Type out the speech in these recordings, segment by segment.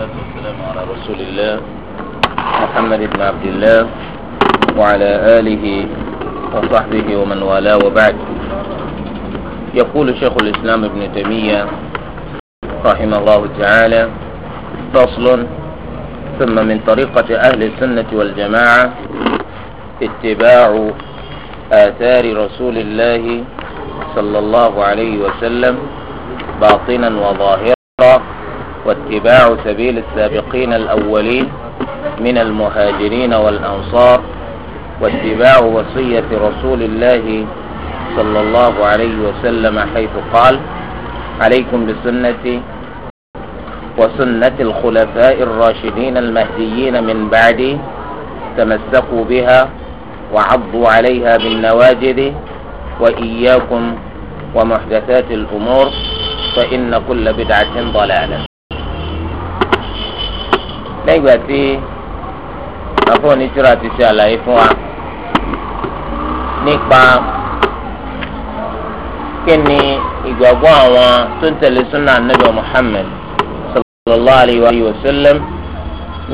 والصلاة والسلام على رسول الله محمد بن عبد الله وعلى آله وصحبه ومن والاه وبعد يقول شيخ الإسلام ابن تيمية رحمه الله تعالى فصل ثم من طريقة أهل السنة والجماعة اتباع آثار رسول الله صلى الله عليه وسلم باطنا وظاهرا واتباع سبيل السابقين الأولين من المهاجرين والأنصار واتباع وصية رسول الله صلى الله عليه وسلم حيث قال عليكم بسنتي وسنة الخلفاء الراشدين المهديين من بعدي تمسكوا بها وعضوا عليها بالنواجذ وإياكم ومحدثات الأمور فإن كل بدعة ضلالة lẹ́yìn ìgbà tí àfọ̀ onítúrà ti ṣe àlàyé fún wa nípa kí ni ìgbàgbọ́ àwọn tó ń tẹ̀lé súnà ànábì Muhammad sallallahu alayhi wa sallam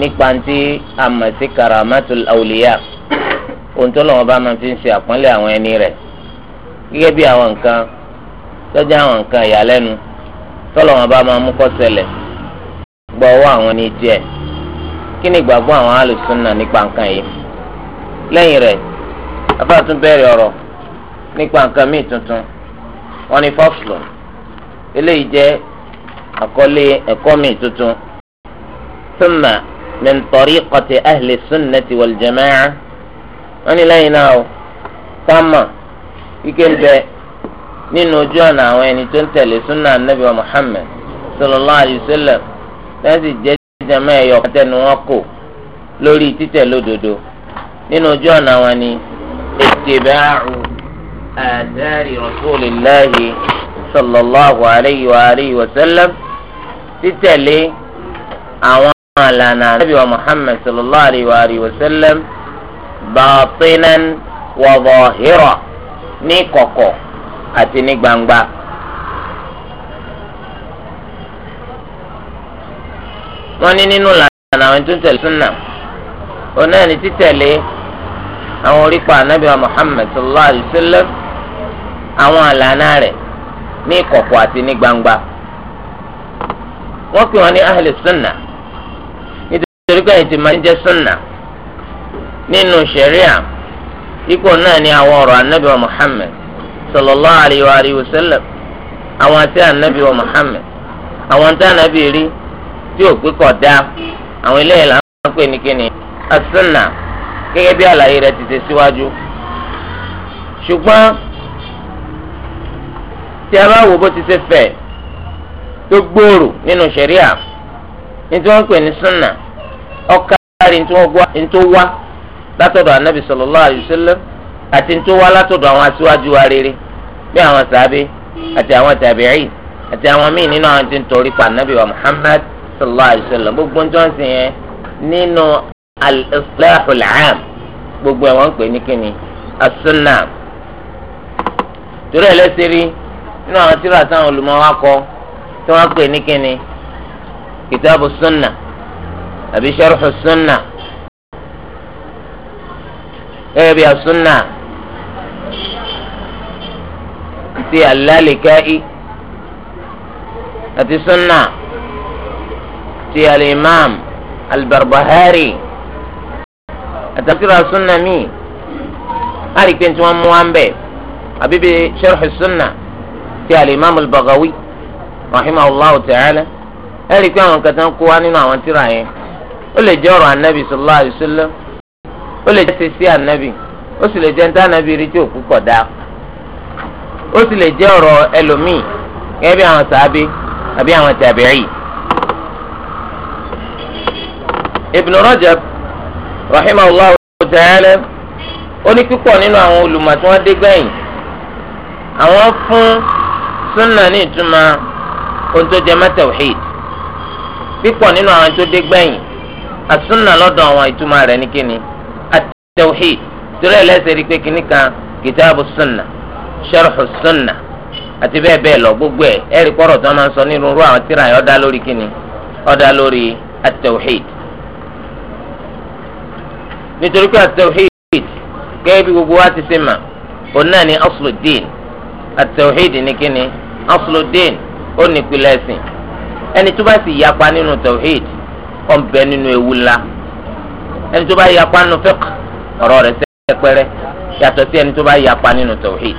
nípa ti àmàtí karamatul awliya ohun tó lọ́wọ́ bá máa fi ń ṣe àpọ́nlé àwọn ẹni rẹ̀ gẹ́gẹ́ bí àwọn nǹkan tọ́jà àwọn nǹkan ìyàlẹ́nu tọ́lọ́wọ́n bá máa mú kó ṣẹlẹ̀ gbọ́wọ́ àwọn ní tiẹ̀. kí ni ìgbàgbọ́ àwọn alùsùnà nípa nǹkan yìí lẹ́yìn rẹ̀ afáàtún bẹ̀rẹ̀ ọ̀rọ̀ nípa nǹkan míì tuntun wọn ni fọ́fùlù eléyìí jẹ́ àkọlé ẹ̀kọ́ míì tuntun thumma min tariqati ahli ti wal jama'a wọn ni lẹ́yìn náà o kámà ike ń bẹ nínú ojú ọ̀nà àwọn ẹni tó ń sallallahu ìjàmbá ẹ̀yọ̀ kọ́tẹ́nu wọn kò lórí títẹ̀ lódodo nínú ojú ọ̀nà wọn ni ittiba'u athari rasulillahi sallallahu alayhi wa alihi wa sallam títẹ̀lé àwọn àlànà ànábì wa muhammad sallallahu alayhi wa alihi wa sallam batinan wa zahira ní kọ̀kọ̀ àti ní gbangba. wọ́n ní nínú lànà àwọn tó ń tẹ̀lé súnà òun náà ní títẹ̀lé àwọn orípa ànábì wa Muhammad sallallahu alayhi wa sallam àwọn àlànà rẹ̀ ní ìkọ̀kọ̀ àti ní gbangba wọ́n pè wọ́n ní ahli súnà nítorí pé ètò ìmọ̀ jẹ́ súnà nínú ṣẹ̀ríà ipò náà ní àwọn ọ̀rọ̀ ànábì wa sallallahu alayhi wa sallam àwọn àti ànábì wa àwọn tí ànábì rí. tí o pé dá àwọn eléyìí là ń pè ní kíni asúnà gẹ́gẹ́ bí àlàyé rẹ ti ṣe síwájú. ṣùgbọ́n tí a bá wò bó ti ṣe fẹ̀ tó gbòòrò nínú ṣẹ̀ríà ní tí wọ́n pè ní súnà ọ̀kárí ní tó wá látọ̀dọ̀ anábì àti ní tó wá látọ̀dọ̀ àwọn aṣíwájú wa rere Muhammad sallallahu alayhi wa sallam gbogbo ń jọ́sìn yẹn nínú al-islahul aam gbogbo ẹ̀ wọ́n ń pè ní kíni as-sunna torí ẹlẹ́sẹ̀ rí nínú àwọn tíra táwọn olùmọ̀wá kọ tí wọ́n pè ní kíni kìtàbù sunna àbí sharhu sunna gẹ́gẹ́ bí as ti al-Lalaka'i sunna ti alimam albarbahari àtàkùrà sunna mi a rí pé tí wọ́n mú wa ń bẹ̀ àbíbi sharhi sunna ti alimam albagawi rahimahullahu ta'ala ẹ rí pé àwọn kan tán kó wa nínú àwọn tírà yẹn ó lè jẹ́ ọ̀rọ̀ anabi sallallahu alayhi wa sallam ó lè jẹ́ sisi anabi ó sì lè jẹ́ ntá anabi rí tí òkú kọ̀ dá ó sì lè jẹ́ ọ̀rọ̀ ẹlòmíì gẹ́gẹ́ àwọn sàábé àbí àwọn tàbíì. Ibn Rajab rahimahullah ta'ala ó ní púpọ̀ nínú àwọn olùmọ̀ tí wọ́n dé gbẹ̀yìn àwọn fún súnà ní ìtumọ̀ ohun tó jẹ mọ́ tawhid púpọ̀ ninu awon to dé gbeyin àsúnà lọ́dọ̀ àwọn ìtumọ̀ rẹ̀ ní kíni at-tawhid torí ẹlẹ́sẹ̀ kan sharhu súnà ati bẹ́ẹ̀ bẹ́ẹ̀ lọ gbogbo ẹ̀ ẹ̀rí pọ̀rọ̀ tó máa ń sọ nínú lori nítorí pé àtẹ̀wéhìd gẹ́gẹ́ bí gbogbo wa ti ṣe mà òun náà ni asludin àtẹ̀wéhìd ni kíni asludin ó ní ìpìlẹ̀ ẹ̀sìn ẹni tó bá sì yapa nínú tẹ̀wéhìd ọ̀n bẹ nínú ewu ńlá ẹni tó bá yapa nínú fiqh ọ̀rọ̀ rẹ̀ sẹ́yìn pẹ́rẹ́ yàtọ̀ sí ẹni tó bá yapa nínú tẹ̀wéhìd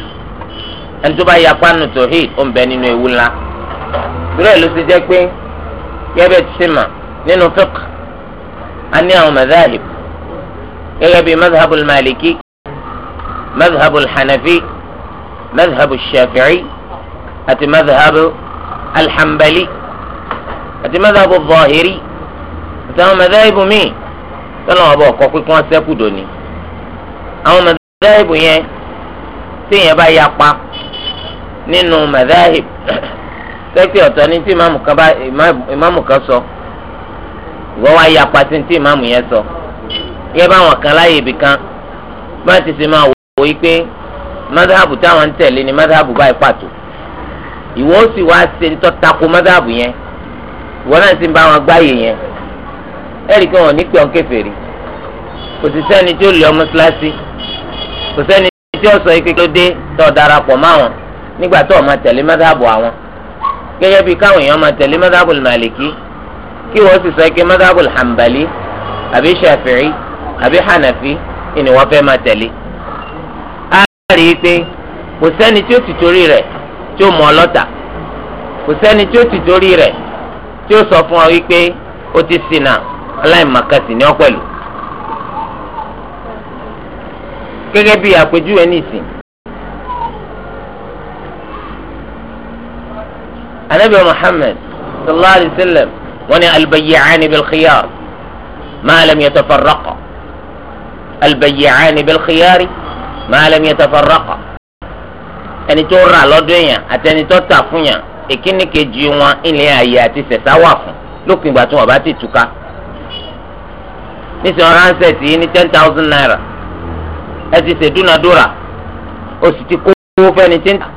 ẹni tó bá yapa nínú tẹ̀wéhìd ọ̀n bẹ nínú ewu ńlá ìrẹ́ ló ti jẹ́ pé gẹ́gẹ́ bí ti ṣe mà nínú fiqh a ní àwọn madhahib gẹ́gẹ́ bíi madhabul maliki madhabul hanafi madhabul shafi'i àti madhabul alhambali àti madhabul zahiri àti àwọn madhabu míì tọ́lá wọn bọ̀ kọ́ pé kí wọ́n sẹ́kù dòní. àwọn madhabu yẹn téèyàn bá yapa nínú madhahib sẹ́kì ọ̀tọ̀ ní tí ìmáàmù kan sọ ìwọ́ wá yapa sí ní ìmáàmù yẹn sọ. So yẹ báwọn kan láàyè ibì kan bí wọ́n ti ṣe máa wò ó pé mọ́tàbù táwọn ń tẹ̀lé ni mọ́tàbù báyìí pàtó ìwọ ó sì wá ṣe ń tọ́ tako mọ́tàbù yẹn ìwọ náà sì ń bá wọn gbáyè yẹn ẹ̀rí kan wọn ní pé ọ̀n kèfèrí kò sì sẹ́ni tí ó lè ọmọ síláṣí kò sẹ́ni tí ó sọ ike tó dé tó darapọ̀ máwọn nígbà tó máa tẹ̀lé mọ́tàbù àwọn gẹ́gẹ́ bí káwọn èèyàn máa tẹ̀lé mọ́tàbù màlìkí kí wọ́n sì sọ ike mọ́tàbù hàǹbàlì àbí ṣàfíì àbí hànàfi ni wọ́n fẹ́ máa tẹ̀lé. a rí i pé kò sẹ́ni tí ó ti torí rẹ̀ tí ó mọ ọlọ́ta kò sẹ́ni tí ó ti torí rẹ̀ tí ó sọ fún ọ wípé ó ti ṣìnà aláìmọ̀kàsí ní ọ gẹ́gẹ́ bí àpèjúwe nìsín. anabi muhammed sallallahu alayhi wa sallam wọ́n ní albayya'ani bil yatafarraqa albayyani bilkhiyari maalam yatafarraqa ẹni tó rà lọ́dún yẹn àtẹni tó tà fún yẹn ìkíni kejì wọn ilé ayé àti sẹ̀sá wà fún lópin ìgbà tí wọn bá ti túká nísìnyí ránṣẹ́ sí ní ten thousand naira ẹ ti ṣèdúnadúrà o sì ti kó owó fẹ́ni tí ń tà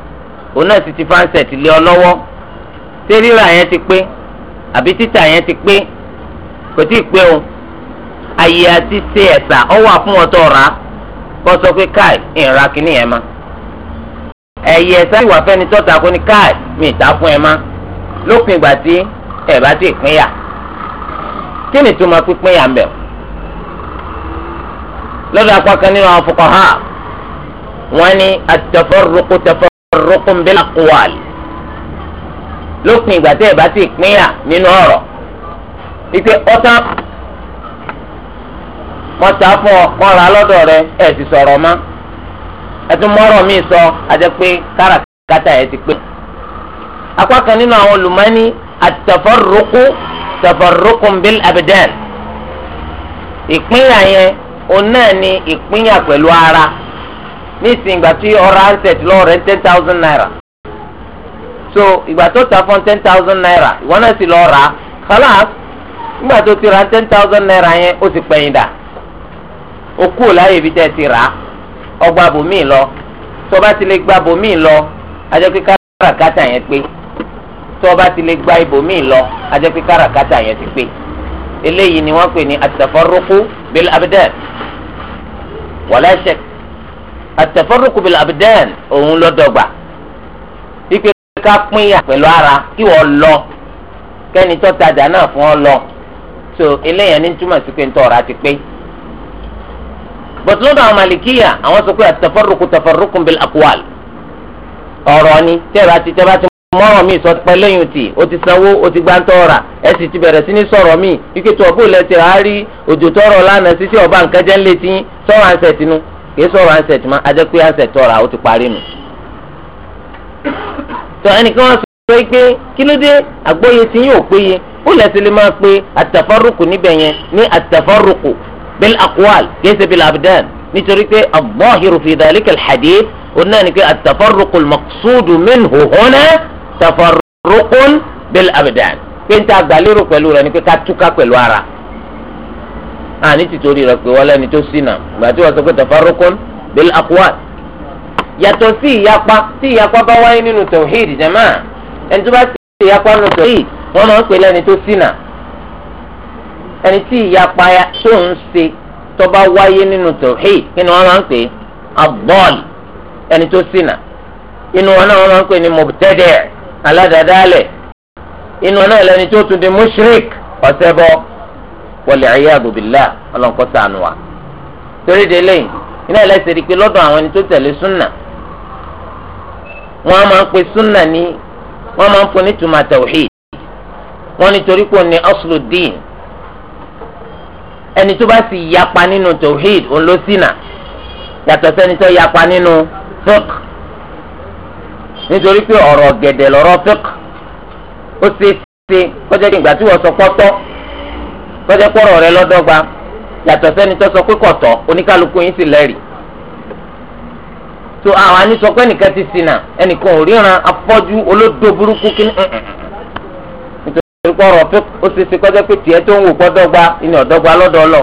òun náà sì ti fáńṣẹ́ ti lé ọ lọ́wọ́ ṣé rírà yẹn ti pé àbí títà yẹn ti pé kò tí ì pé o ayé àti ṣe ẹ̀sà ọwọ́ àfúnwọ́tọ̀ ra kọ́ sọ pé káì ìrora kìíní ẹ̀ ma ẹ̀yẹ ẹ̀sà ìwà fẹ́ni tọ́ta kó ní káì mi ìta fún ẹ ma lópin ìgbà tí ẹ̀ bá ti pínyà kí ni tó máa pín pínyà ń bẹ̀ lọ́dọ̀ apá kan nínú àwọn fuqaha wọ́n ní at-tafarruqu tafarruqun bil-aqwal lópin ìgbà tí ẹ̀ bá ti pínyà nínú ọ̀rọ̀ ìpè ọ̀tá wọ́n ta fún ọ wọ́n ra lọ́dọ̀ rẹ ẹ̀ ti sọ̀rọ̀ mọ́ ẹ tún mi sọ àti pé kata ẹ ti pé. apá kan nínú àwọn olùmọ́ni àtẹ̀fọ́rọ́kù tẹ̀fọ́rọ́kùn bíl abidjan ìpínyà yẹn òun náà ni ìpínyà pẹ̀lú ara ní ìsìn ìgbà tí ọ̀rọ̀ handset lọ́wọ́ rẹ̀ ten thousand naira so ìgbà tó ta fún ten thousand naira ìwọ náà sì lọ́ọ́ rà á kálá nígbà tó ti ra ten thousand naira yẹn ó ti pẹ̀yìn dà. o kúrò láyè ibi tẹ́ ti rà á ọgbà bòmíì lọ tó o bá ti lè gba bòmíì lọ ajẹ́ pé káràkátà yẹn pé tó o bá ti lè gba ibòmíì lọ ajẹ́ pé káràkátà yẹn ti pé eléyìí ni wọ́n pè ní atafarruqu bil abdan wala shak atafarruqu bil abdan òun lọ́dọ̀gba ipe ká pínyà pẹ̀lú ara kí wọ́n lọ kẹ́ni tó tajà náà fún ọ lọ so eléyìí ni túmọ̀ sí pé ń tọ́ ọ̀rá ti pé bọ̀tí lọ́dọ̀ àwọn malikiya àwọn sọ pé àtẹ̀fọ́rùkù tẹ̀fọ́rùkù bil akwal ọ̀rọ̀ ni tẹ́ra ti tẹ́ra ti mọ́rọ̀ mi sọ pé lẹ́yìn tì ó ti sanwó ó ti gbáǹtọ́ ra ẹ sì ti bẹ̀rẹ̀ sí ní sọ̀rọ̀ mi ike tó ọ̀bù lẹ́sẹ̀ á rí òjò tọrọ lánàá sí sí ọba nǹkan jẹ́ ńlẹ̀ tí sọ̀rọ̀ ansẹ̀t nu kì í sọ̀rọ̀ ansẹ̀t mọ́ ajẹ́ pé ansẹ̀t tọ̀ra ó ti parí nu. tó ẹnìkan wọn sọ pé kí ló dé àgbóye tí yóò péye ó lẹ́sẹ̀ lè máa pe àtàfárùkù níbẹ̀ yẹn ní àtàfárùkù bil aqwal kese bil abdan nítorí pé al-zahiru fi dhalika al-hadith onáà ni pé at-tafarruqu al-maqsudu minhu huna tafarruqun bil abdan pé n ta gbàlérò pẹ̀lú rẹ̀ ni pé ká túká pẹ̀lú ara àní tìtorí rẹ̀ pé wọlé ni tó sínà gbàtí wọ́n sọ pé tafarruqun bil aqwal yàtọ̀ sí ìyapa tí ìyapa bá wáyé nínú tawhid jama ẹni tó bá sí ìyapa nínú tawhid wọ́n máa ń pè lẹ́ni tó sínà ẹni tí ìyapa tó ń ṣe tó bá wáyé nínú tawhid kí ni wọ́n máa ń pè é abọ́ọ̀l ẹni tó ṣìnà inú wọn náà wọ́n máa ń pè ní mubtadi' aládàádáálẹ̀ inú wọn náà lẹni tó tún di mushrik ọ̀sẹ̀bọ wal-iyadu billah ọlọ́nkọ́ sànù wa torí de lẹ́yìn iná ẹlẹ́sẹ̀ rí i pé lọ́dọ̀ àwọn ẹni tó tẹ̀lé súnà wọ́n máa ń pè súnà ní wọ́n máa ń pè ní tuma tawhid wọ́n nítorí pé ní aslu din ẹni tó bá sì yapa nínú tawhid òun ló ṣìnà yàtọ̀ sẹ́ni tó yapa nínú fiqh nítorí pé ọ̀rọ̀ gẹ̀dẹ̀ lọ́rọ̀ fiqh ó ṣe é ṣe kọjá kí ìgbà tí wọ́n sọ pọ́tọ́ kọjá pọ́rọ̀ rẹ lọ́dọ́gba yàtọ̀ sẹ́ni tó sọ pé kọ̀tọ̀ oníkálukú yín sì lẹ́rìí tó àwọn àní sọ pé ẹnìkan ti ṣìnà ẹnìkan ò ríran afọ́jú olódó burúkú kí ni orúkọ ọ̀rọ̀ fún ó ṣe ṣe kọjá pé tiẹ̀ tó ń wò gbọ́dọ́gba ìní ọ̀dọ́gba lọ́dọ̀ ọlọ́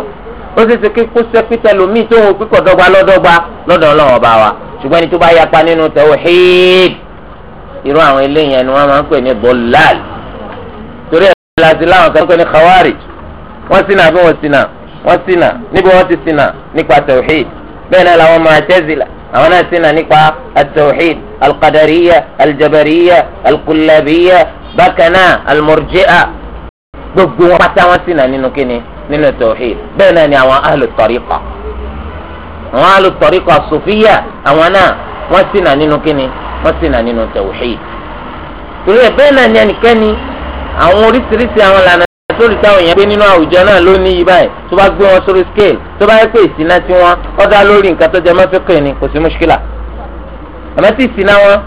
ó ṣe ṣe kó sẹ́pítẹ́ lomi tó ń wò pípọ̀ dọ́gba lọ́dọ́gba lọ́dọ̀ ọlọ́ ọba wa ṣùgbọ́n ẹni tó bá yapa nínú tawhid irú àwọn eléyìí ẹni wọ́n máa ń pè ní bọ́láàlì torí ẹ̀ láti láwọn kan ń pè ní khawarij wọ́n ṣìnà bí wọ́n ṣìnà wọ́n ṣìnà níbi wọ́n ti ṣìnà nípa tawhid bẹ́ẹ̀ náà làwọn Mu'tazila àwọn náà ṣìnà nípa at bákan náà al-murji'a gbogbo wọn pátá wọn sì nà nínú kíni nínú tawhid bẹ́ẹ̀ náà ni àwọn ahlu tariqa àwọn ahlu tariqa sufiya àwọn náà wọn sì nà nínú kíni wọn sì nà nínú tawhid torí ẹ bẹ́ẹ̀ náà ni ẹnikẹ́ni àwọn oríṣiríṣi àwọn lànà sórí táwọn èèyàn gbé nínú àwùjọ náà lónìí yìí báyìí tó bá gbé wọn sórí scale tó bá yẹ pé ìṣìnà tí wọn ó dá lórí nǹkan tó jẹ mọ́fíkì ni kò sí mùṣkílà àmọ́ tí wọn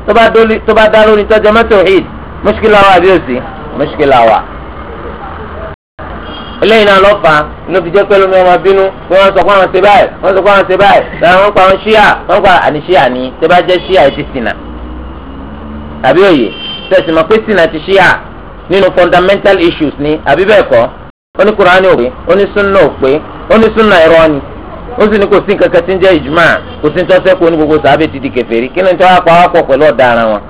tó bá dá lórí tó jẹ mọ́ tawhid mọ́ṣíkìlá wa àbí òsì mọ́ṣíkìlá wa. eléyìí náà lọ́fà ló fi jẹ́ pé lómi ọmọ bínú pé wọ́n sọ pé àwọn ṣe báyìí wọ́n sọ pé àwọn ṣe báyìí làwọn ń pa àwọn ṣíà wọ́n pa àní ṣíà ni tẹ́ bá jẹ́ ṣíà ẹ ti ṣìnà àbí òye tẹ̀sí mọ̀ pé ṣìnà ti ṣíà nínú fundamental issues ni àbí bẹ́ẹ̀ kọ́ ó ní kuraani òpè ó ní sunna òpè ó ní sunna ẹ̀rọ ni ó sì ní kò sí nǹkan kan tí ń jẹ́ ìjùmọ̀ kò sí ní tọ́sẹ́kù ó ní gbogbo sàábẹ̀ ti di kèfèrí kí ni tí wọ́n á pa wá pọ̀ pẹ̀lú ọ̀daràn wọn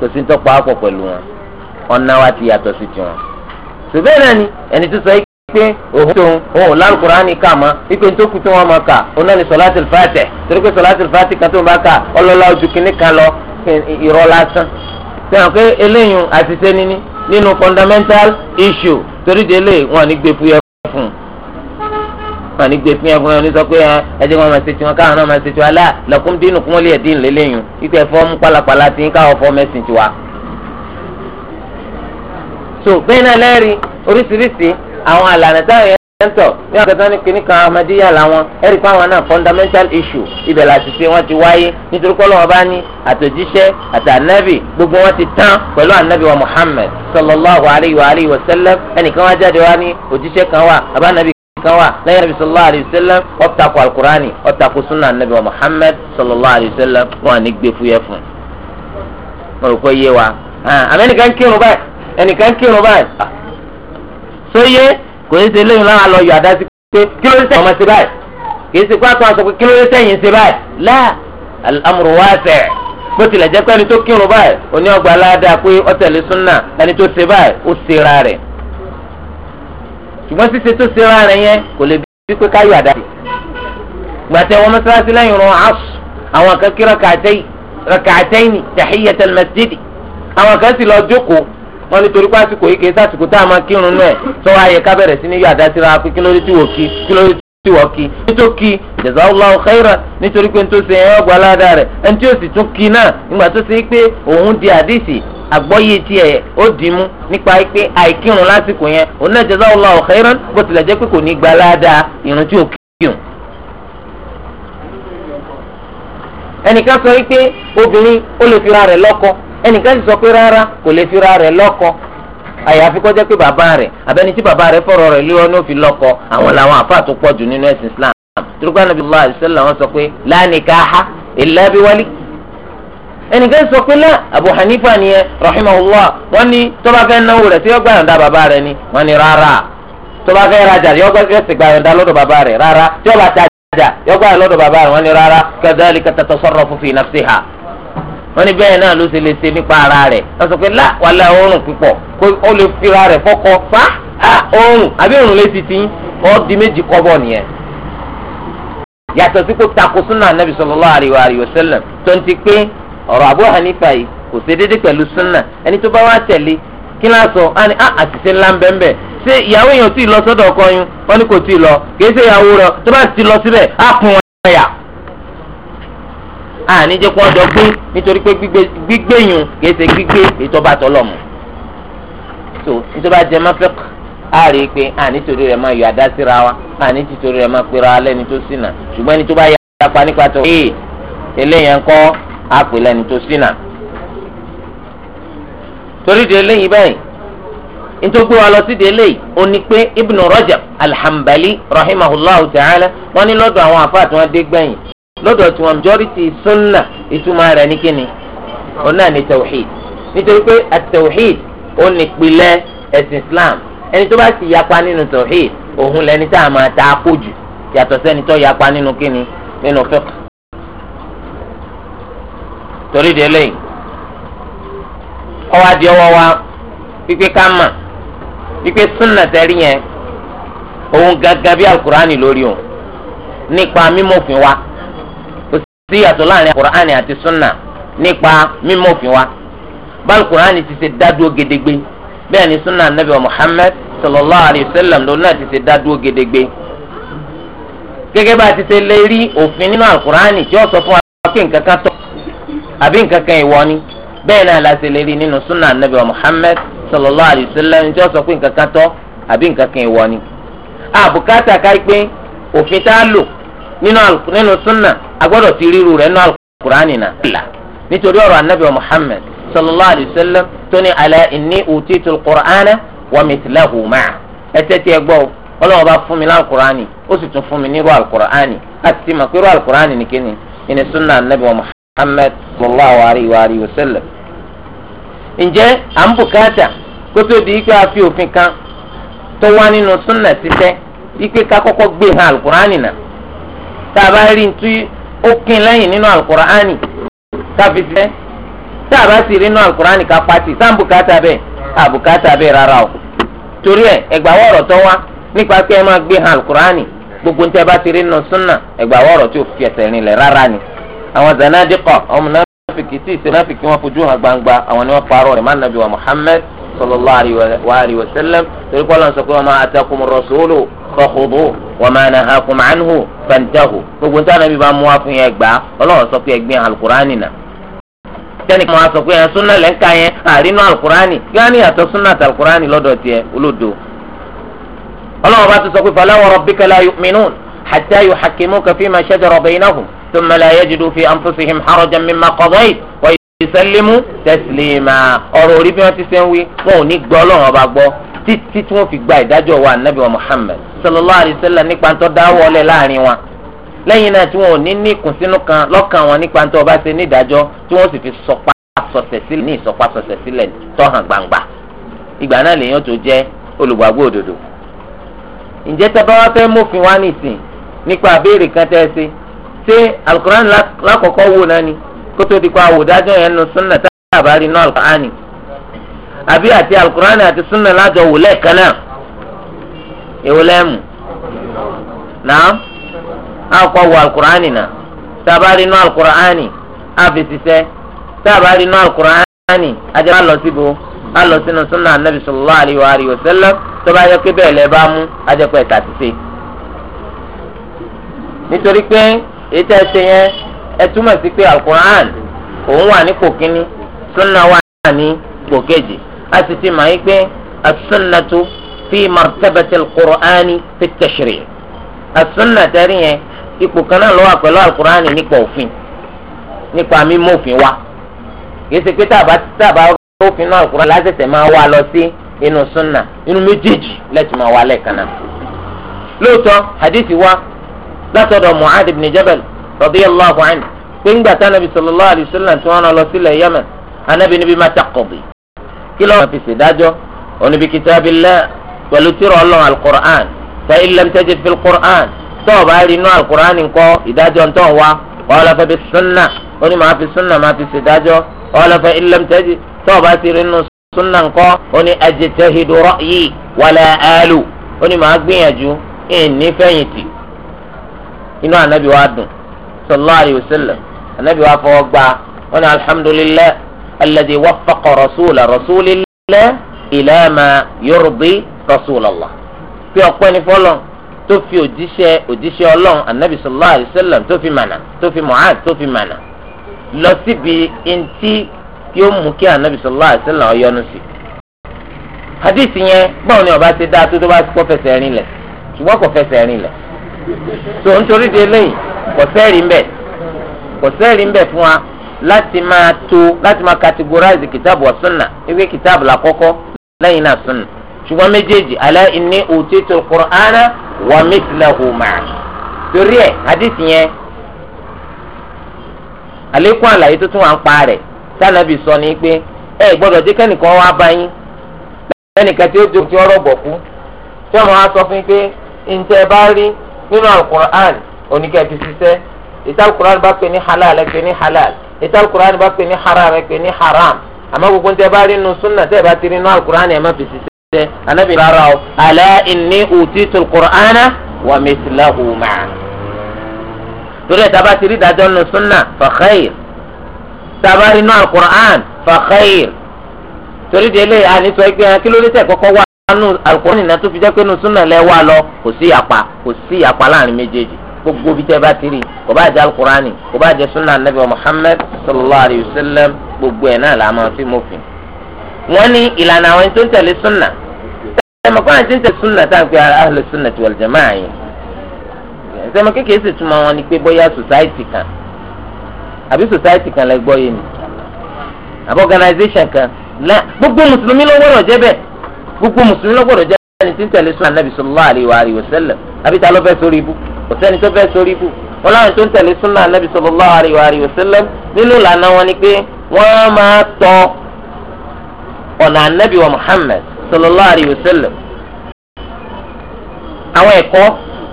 kò sí tọ́pọ̀ àpọ̀ pẹ̀lú wọn ọ̀nà wa ti yàtọ̀ sí tiwọn. ṣùgbọ́n náà ni ẹni tó sọ pé òun tó òun lálùkùránì kà mọ́ ipe tó kù tí wọ́n mọ̀ kà òun náà ni sọ̀láṣẹ̀ fàtẹ̀ torí pé sọ̀láṣẹ̀ fàtẹ̀ kan tó ń bá kà ọlọ́lá ojú kìíní kan lọ irọ́ lásán. sẹ́wọ̀n pé eléyìí àti sẹ́ni nínú fundamental issue torí de lè wọ́n ní gbé fúyẹ́ wọn ní gbé pínyà fún ẹ ní sọ pé ẹ jẹ́ wọn máa ṣe tiwọn káwọn náà máa ṣe tiwọn alá lọ́kùn dínú kún lè dín lélẹ́yìn ìpè fọ́ọ̀mù pálapàla ti ń káwọn fọ́ọ̀mù ẹ̀sìn tiwa. so bẹ́ẹ̀ náà lẹ́rìí oríṣiríṣi àwọn àlànà táwọn yẹn ń tọ̀ ní àgbẹ̀tọ́ ní kinní kan amadíyà làwọn ẹ̀rí fáwọn náà fundamental issue ibẹ̀ láti ṣe wọ́n ti wáyé nítorí pé Ọlọ́hun bá ní àtòjíṣẹ́ àti ànábì gbogbo wọn ti tán pẹ̀lú ànábì wa Muhammad sallallahu alayhi wa alayhi wa sallam ẹnìkan wá jáde wá ní òjíṣẹ́ kan wà àbánábì kan wà lẹ́yìn nabi sallallahu alayhi wa sallam ó tako alukurani ó tako sunna nabi wa muhammad sallallahu alayhi wa sallam wọn à ní gbé fúyẹ́ fún un mo rò pé yé wa àmì ẹnìkan kírun báyìí ẹnìkan kírun báyìí sóyè kò ní ṣe lẹ́yìn láwọn àlọ́ yọ àdá sí pé kí ló ń sẹ́yìn ọmọ sí báyìí kì í ṣe pé àtúnṣe pé kí ló ń sẹ́yìn sí báyìí láà amúrò wá sẹ̀ bó tilẹ̀ jẹ́ pé ẹni tó kírun báyìí oní ọgbà aládàá pé ó tẹ̀lé sunna ẹni tó ṣe báyìí ó ṣera rẹ̀ ṣùgbọ́n ṣíṣe tó ṣe ra rẹ̀ yẹn kò lè bí pé káyọ̀ àdáyé gbàtẹ́ wọn mọ́sálásí lẹ́yìn rún asù àwọn kan kí rakàtẹ́yìn tahiyatul masjid àwọn kan sì lọ jókòó wọn nítorí pásìkò yìí kìí sásìkò tá a máa kírun náà tó wá yẹ ká sí ní yọ àdásíra pé kí ló dé tí wò kí kí ló dé tí wọ́n kí nítorí kí jazakallahu khairan nítorí pé nítorí sèyàn ọgbà aládàá rẹ̀ ẹni tí ó sì tún kí náà nígbà tó ṣe pé òun di àdìsí àgbọ́yé tiẹ̀ ó dì mú nípa pé àìkírun lásìkò yẹn òun náà jazakallahu khairan bó tilẹ̀ jẹ́ pé kò ní gba aládàá irun tí ò kírun. ẹnìkan sọ pé obìnrin ó lè fira rẹ̀ lọ́kọ ẹnìkan sì sọ pé rárá kò lè fira rẹ̀ lọ́kọ àyàfi kọjá pé bàbá rẹ̀ abẹ́ni tí bàbá rẹ̀ fọ̀rọ̀ rẹ̀ lé ọ́nà òfin lọ́kọ àwọn làwọn àfáà tó pọ̀ jù nínú ẹ̀sìn Islam turuka nabi allah alisala wọ́n sọ pé la nikaha illa bi wali ẹnìkan sọ pé la abu hanifa niyẹn rahimahullah wọ́n ní tó bá fẹ́ náwó rẹ̀ tí yọ gbà yọ̀ǹda bàbá rẹ̀ ni wọ́n ní rárá tó bá fẹ́ rajà yọ gbà yọ̀ǹda lọ́dọ̀ bàbá rẹ̀ rárá tí yọ bá tajà yọ gbà yọ̀ǹda lọ́dọ̀ bàbá rẹ̀ wọ́n ní rárá kadhalika tatasarrafu fi nafsiha wọ́n ní bẹ́ẹ̀ náà ló ṣe lè ṣe nípa ara rẹ̀ wọ́n sọ pé lá wàhálà oorun púpọ̀ pé ó lè fira rẹ̀ fa oorun àbí oorun lè ti ọ́ di méjì kọ́bọ̀ nìyẹn. yàtọ̀ sí pé tako súnà nàbì sallallahu alaihi wa sallam tó ń ti pé ọ̀rọ̀ Abu Hanifa yìí kò ṣe pẹ̀lú ẹni tó bá wá tẹ̀lé kí àṣìṣe ńlá bẹ́ẹ̀ bẹ́ẹ̀ ṣé ìyàwó àní jẹ́ kó ọdọ gbé nítorí pé gbigbe kìí ṣe gbígbé ètò bá so jẹ a rí pé àní torí rẹ̀ máa yọ àdá síra wa àní títorí rẹ̀ máa pera lẹ́ni tó ṣìnà ṣùgbọ́n ẹni tó bá pa nípa tó ee eléyẹn ń kọ́ àpè lẹ́ni tó torí di eléyìí báyìí wa ibnu rajab alhambali ta'ala wọn ní lọ́dọ̀ àwọn àfáà tí wọ́n lọ́dọ̀ tí wọn majority sunna ìtumọ̀ rẹ̀ ní kíni òun náà ní tawhid nítorí pé àtẹwhid ó ní pilẹ̀ ẹ̀sìn islam ẹni tó bá sì yapa nínú tawhid òun lẹni tá a máa ta kó jù yàtọ̀ sẹ́ni tó yapa nínú kíni nínú fiqh torí de lẹ́yìn ọwọ́ adìẹ ọwọ́ wa pípé ká mà pípé sunna tẹ́rí yẹn òun gángan bí alukur'ani lórí òun nípa mímòfin wa. sí yàtọ̀ láàrin kùránì àti súnà nípa mímọ̀ òfin wa báyìí kùránì ti ṣe dádúró gedegbe bẹ́ẹ̀ ni súnà anabi muhammed sallallahu alayhi wa sallam náà ti ṣe dádúró gedegbe gẹ́gẹ́ bá a ti ṣe lè rí òfin nínú àkùránì tí ó sọ fún wa pé nǹkan kan tọ́ ni la ṣe rí nínú súnà muhammed tí ó sọ pé nǹkan kan tọ́ àbí nǹkan nínú nínú sunna agbọ́dọ̀ ti ríru rẹ̀ nínú alukur'ani náà. nítorí ọ̀rọ̀ anabi muhammed sallallahu alayhi wa sallam tó ní ala inni utitu alukur'ana wa mitlahu ma'a ẹtẹ tí ẹ gbọ́ ọlọ́wọ́ bá fún mi ní alukur'ani ó sì tún fún mi ní irú alukur'ani láti ti mà pé irú alukur'ani ni kíni ìní sunna anabi muhammed sallallahu alayhi wa sallam. ǹjẹ́ à ń bùkátà kótó di ikpe àfi òfin kan tó wá nínú sunna títẹ́ ikpe kakọ́kọ́ gbé hàn alukur'ani náà. tá a bá rí ní tí ó kín lẹ́yìn nínú alukur'ani fi a bá sì rí nínú alukur'ani ká pati sáà bùkátà bẹ́ẹ̀ àbùkátà bẹ́ẹ̀ rárá o torí ẹ̀ ẹgbàwọ́ tó wá nípa pé ẹ máa gbé gbogbo ntẹ bá ti rí nínú súnà ẹgbàwọ́ ọ̀rọ̀ tí o fi ẹsẹ̀ rinlẹ̀ rárá ni àwọn zanadikọ ọmọ náà fi kìí sí fi kí gbangba àwọn ni wọ́n parọ́ صلى الله عليه sallam torí kọ́ lọ́n sọ pé wa ma atakum rasulu fakhudhu wa ma nahakum anhu fantahu gbogbo nítorí ànábì bá mú wa fún yẹn gbà ọlọ́run sọ pé ẹgbẹ́ alukur'ani nà tẹ́nì kan wá sọ pé ẹ̀ súnà lẹ́ńkà yẹn àrínú alukur'ani gíwáni àtọ́ súnà àti alukur'ani lọ́dọ̀ tiẹ̀ olódo ọlọ́run bá ti sọ pé fala wa rabbika la yu'minun hatta yuhakkimuka fima shajara bainahum thumma la yajidu fi anfusihim harajan mimma qadayt wa ìsẹ́lẹ́mú tẹ̀sílẹ́mà ọ̀rọ̀ orí bí wọ́n ti ṣe ń wí wọn ò ní gbọ́ ọlọ́run ọba gbọ́ títí tí wọ́n fi gba ìdájọ́ wa nàbí wa Muhammad sallallahu alaihi wasallam nípa tó dáwọ́lẹ̀ láàrin wọn lẹ́yìn náà tí wọn ò ní ní ìkùnsínú kan lọ́kàn wọn nípa tó bá ṣe nídàájọ́ tí wọ́n sì fi sọpá sọsẹ̀ sílẹ̀ ní ìsọpá sọsẹ̀ sílẹ̀ tọ́hàn gbangba ìgbà náà lèèyàn tó jẹ́ olùgbàgbọ́ òdodo ǹjẹ́ tẹ́ bá wá fẹ́ mófin wá nìsín nípa àbẹ́rẹ́ kan tẹ́ ṣe ṣé alukur'an lákọ̀ọ́kọ́ kótó ti kọ́ àwòdájọ́ yẹn nu súnà tá a bá rí náà alukur'ani àbí àti alukur'ani àti súnà lájọ wò lẹ́ẹ̀kan náà èwo lẹ́mù náà a kọ́ wọ alukur'ani náà tá a bá rí náà alukur'ani a fi tá a bá rí náà alukur'ani a bá lọ a lọ sínú súnà anabi ẹ túmọ̀ sí pé alukur'an òun wà ní kò kínní sunna wà ní kò kejì a sì ti mọ̀ yín pé as-sunnatu fi martabati alukur'ani fi tashri' as-sunna tẹ́rì yẹn ipò kan náà ló wà pẹ̀lú alukur'ani nípa òfin nípa mímú òfin wa kìí ṣe pé tàbá tàbá òfin náà alukur'ani lásìsẹ́ máa wà lọ sí inú sunna inú méjèèjì lẹ́tì máa wà lẹ́ẹ̀kan náà lóòótọ́ hadith wa látọ̀dọ̀ mu'adh ibn jabal radiyallahu anhu pé ńgbà tá anabi sallallahu alayhi wa sallam tí wọ́n lọ sílẹ̀ yemen anabi níbi má taqdi kí lọ́wọ́ fi ṣèdájọ́ oníbi kitabillah pẹ̀lú tírà ọlọ́run alukur'an fa illam tajid fi alukur'an tó o bá rí inú alukur'an nǹkan ìdájọ́ ń tọ́ wa wàhálà fẹ́ bi sunna oní máa fi sunna máa fi ṣèdájọ́ wàhálà fẹ́ illam tajid tó o bá ti rí inú sunna nǹkan oní ajtahidu ra'yi wala alu oní máa gbìyànjú ìnífẹ̀yìntì inú anabi wa dùn sallallahu alayhi wa sallam anabi wa fọwọ́ gbà wọn ni alhamdulilayi alladhi wafaqa rasuula rasuulilayi ilama yorùbí rasuulallah fi ọpẹ́ ní fọlọ tó fi òjíṣẹ́ òjíṣẹ́ Ọlọ́run anabi sallallahu alayhi wa sallam tó fi mànà tó fi mu'ad tó fi mànà lọ síbi ntí kí ó mú kí anabi sallallahu alayhi wa sallam ọyọnu sí hadithi yẹn báwo ni ọba ti dá tó tó bá kọ́ fẹsẹ̀ rin lẹ̀ ṣùgbọ́n kò fẹsẹ̀ rin lẹ̀ tó nítorí de lẹ́yìn. kò mbẹ mbẹ̀ kò fún wa láti máa to láti máa categorize kìtàbù wa ewé kìtàbù lẹ́yìn náà ṣùgbọ́n ala inni utitu al-Qur'ana wa ma'a torí ẹ̀ hadith yẹn àlékún àlàyé tó tún wà ń pa rẹ̀ sọ ni pé ẹ gbọ́dọ̀ kẹ́nìkan wá lẹ́nìkan tí ó ọ̀rọ̀ bọ̀ fún tí oníkẹ́ ti ṣiṣẹ́ ìta alukur'an bá pè ní halal ẹ pè ní halal ìta alukur'an bá pè ní haram ẹ pè ní haram àmọ́ gbogbo ntẹ́ bá rí nu sunna tẹ́ bá ti rí nu alukur'an ẹ̀ má fi ṣiṣẹ́ anabi rárá o ala inni utitul qur'ana wa mithlahu ma'a torí ẹ̀ tábà ti rí dájọ́ nu sunna fa tábà rí nu alukur'an fa torí délé àníṣọ ẹgbẹ́ kí ló dé tẹ̀ kọ́kọ́ wá alukur'an nìyẹn tó fi jẹ́ pé nu sunna lẹ́ wà lọ kò sí yapa kò sí yapa láàrin méjèèjì gbogbo bí tẹ́ bá ti rí kò bá jẹ́ alukurani kò bá jẹ́ sunna anabi muhammed sallallahu alayhi wa sallam gbogbo ẹ̀ náà la máa fi mọ́fin. wọ́n ní ìlànà àwọn tó ń tẹ̀lé sunna sẹ́mi kọ́ àwọn tó ń tẹ̀lé sunna tá à ń pè ahlu sunnati wal jamaa yìí. sẹ́mi kékeré sì túmọ̀ wọn ni pé bóyá society kan àbí society kan lẹ gbọ́ yìí ni àbí organisation kan gbogbo mùsùlùmí ló wọ́rọ̀ jẹ́ bẹ́ẹ̀ gbogbo mùsùlùmí ló wọ́rọ̀ jẹ́ bẹ́ẹ̀ ni tẹ̀lé sunna anabi sallallahu alayhi wa sallam àbí ta ló fẹ́ sórí ibú kò sẹ́ni tó fẹ́ sórí bù wọn láwọn tó ń tẹ̀lé súnà anábì sallallahu alaihi wa sallam nínú ìlànà wọn ni pé wọ́n máa tọ ọ̀nà anábì wa Muhammad sallallahu alaihi wa sallam àwọn ẹ̀kọ́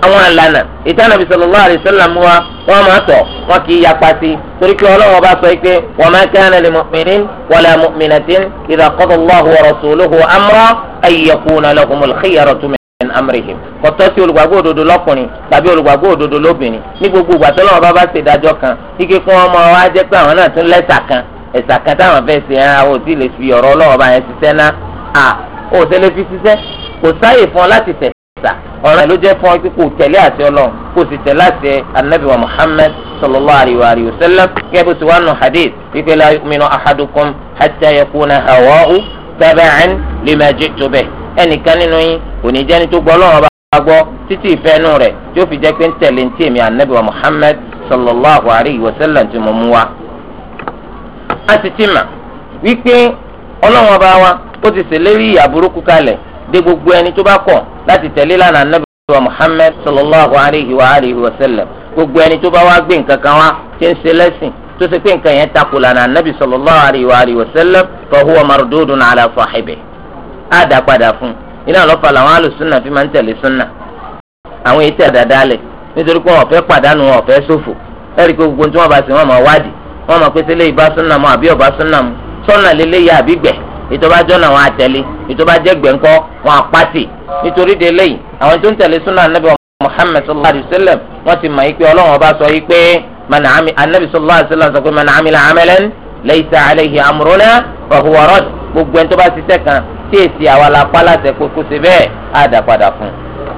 àwọn àlànà ìtànàbì sallallahu alaihi wa sallam wa wọ́n máa tọ̀ wọn kì í yapa sí torí pé Ọlọ́run bá sọ pé wa ma kana li mu'minin wala mu'minatin idha qada Allahu wa rasuluhu amra ay yakuna lahumul khiyaratu ẹn amrihim kọtọ sí olùgbàgbọ́ òdodo lọ́kùnrin tàbí olùgbàgbọ́ òdodo lóbìnrin ní gbogbo ìgbà tó lọ́wọ́ bá bá ṣe ìdájọ́ kan ike kí wọ́n mọ wá jẹ́ pé àwọn náà tún lẹ́sà kan ẹ̀sà kan táwọn fẹ́ ṣe ẹ̀ ọ́ ò tí ì lè fi ọ̀rọ̀ ọlọ́wọ́ bá yẹn ṣiṣẹ́ ná à ó ṣe lè fi ṣiṣẹ́ kò sáyè fún ọ láti tẹ̀sà ọ̀rọ̀ ló jẹ́ fún ọ pé tẹ̀lé ẹnìkan nínú yín kò ní jẹ́ni tó gbọ́ ọlọ́run ọba gbọ́ títí ìfẹ́nu rẹ̀ tí ó fi jẹ́ pé ń tẹ̀lé ní tèmi ànábì wa Muhammad sallallahu alayhi wa sallam tí mo mú wa. a ti ti mà wípé ọlọ́run ọba wa ó ti ṣèlérí ìyà burúkú kalẹ̀ dé gbogbo ẹni tó bá kọ̀ láti tẹ̀lé lánàá ànábì wa Muhammad sallallahu alayhi wa alayhi wa sallam gbogbo ẹni tó bá wá gbé nǹkan kan wá tí ń ṣe lẹ́sìn tó ṣe pé nǹkan yẹn takò lánàá ànábì sallallahu alayhi wa alayhi wa sallam fa huwa a daa padà fún un iná làwọn alùsùnà fi máa ń tẹ̀lé súnà àwọn èyí tẹ̀ dáadáa lẹ̀ nítorí pé wọn fẹ́ pàdánù wọn fẹ́ ṣòfò ẹ̀rí pé gbogbo tí wọ́n bá wọn máa wádìí wọn máa pété léyìí bá súnà mu àbí ọba súnà mu sọ́nà lélẹ́yìí àbí gbẹ̀ ìtọ́ba jọ́nà wọn àtẹ̀lé ìtọ́ba wọn àpàtì nítorí de àwọn tó ń tẹ̀lé tí èsì àwa la pa láti ẹ̀kọ́ kó ṣe bẹ́ẹ̀ á dà padà fún un.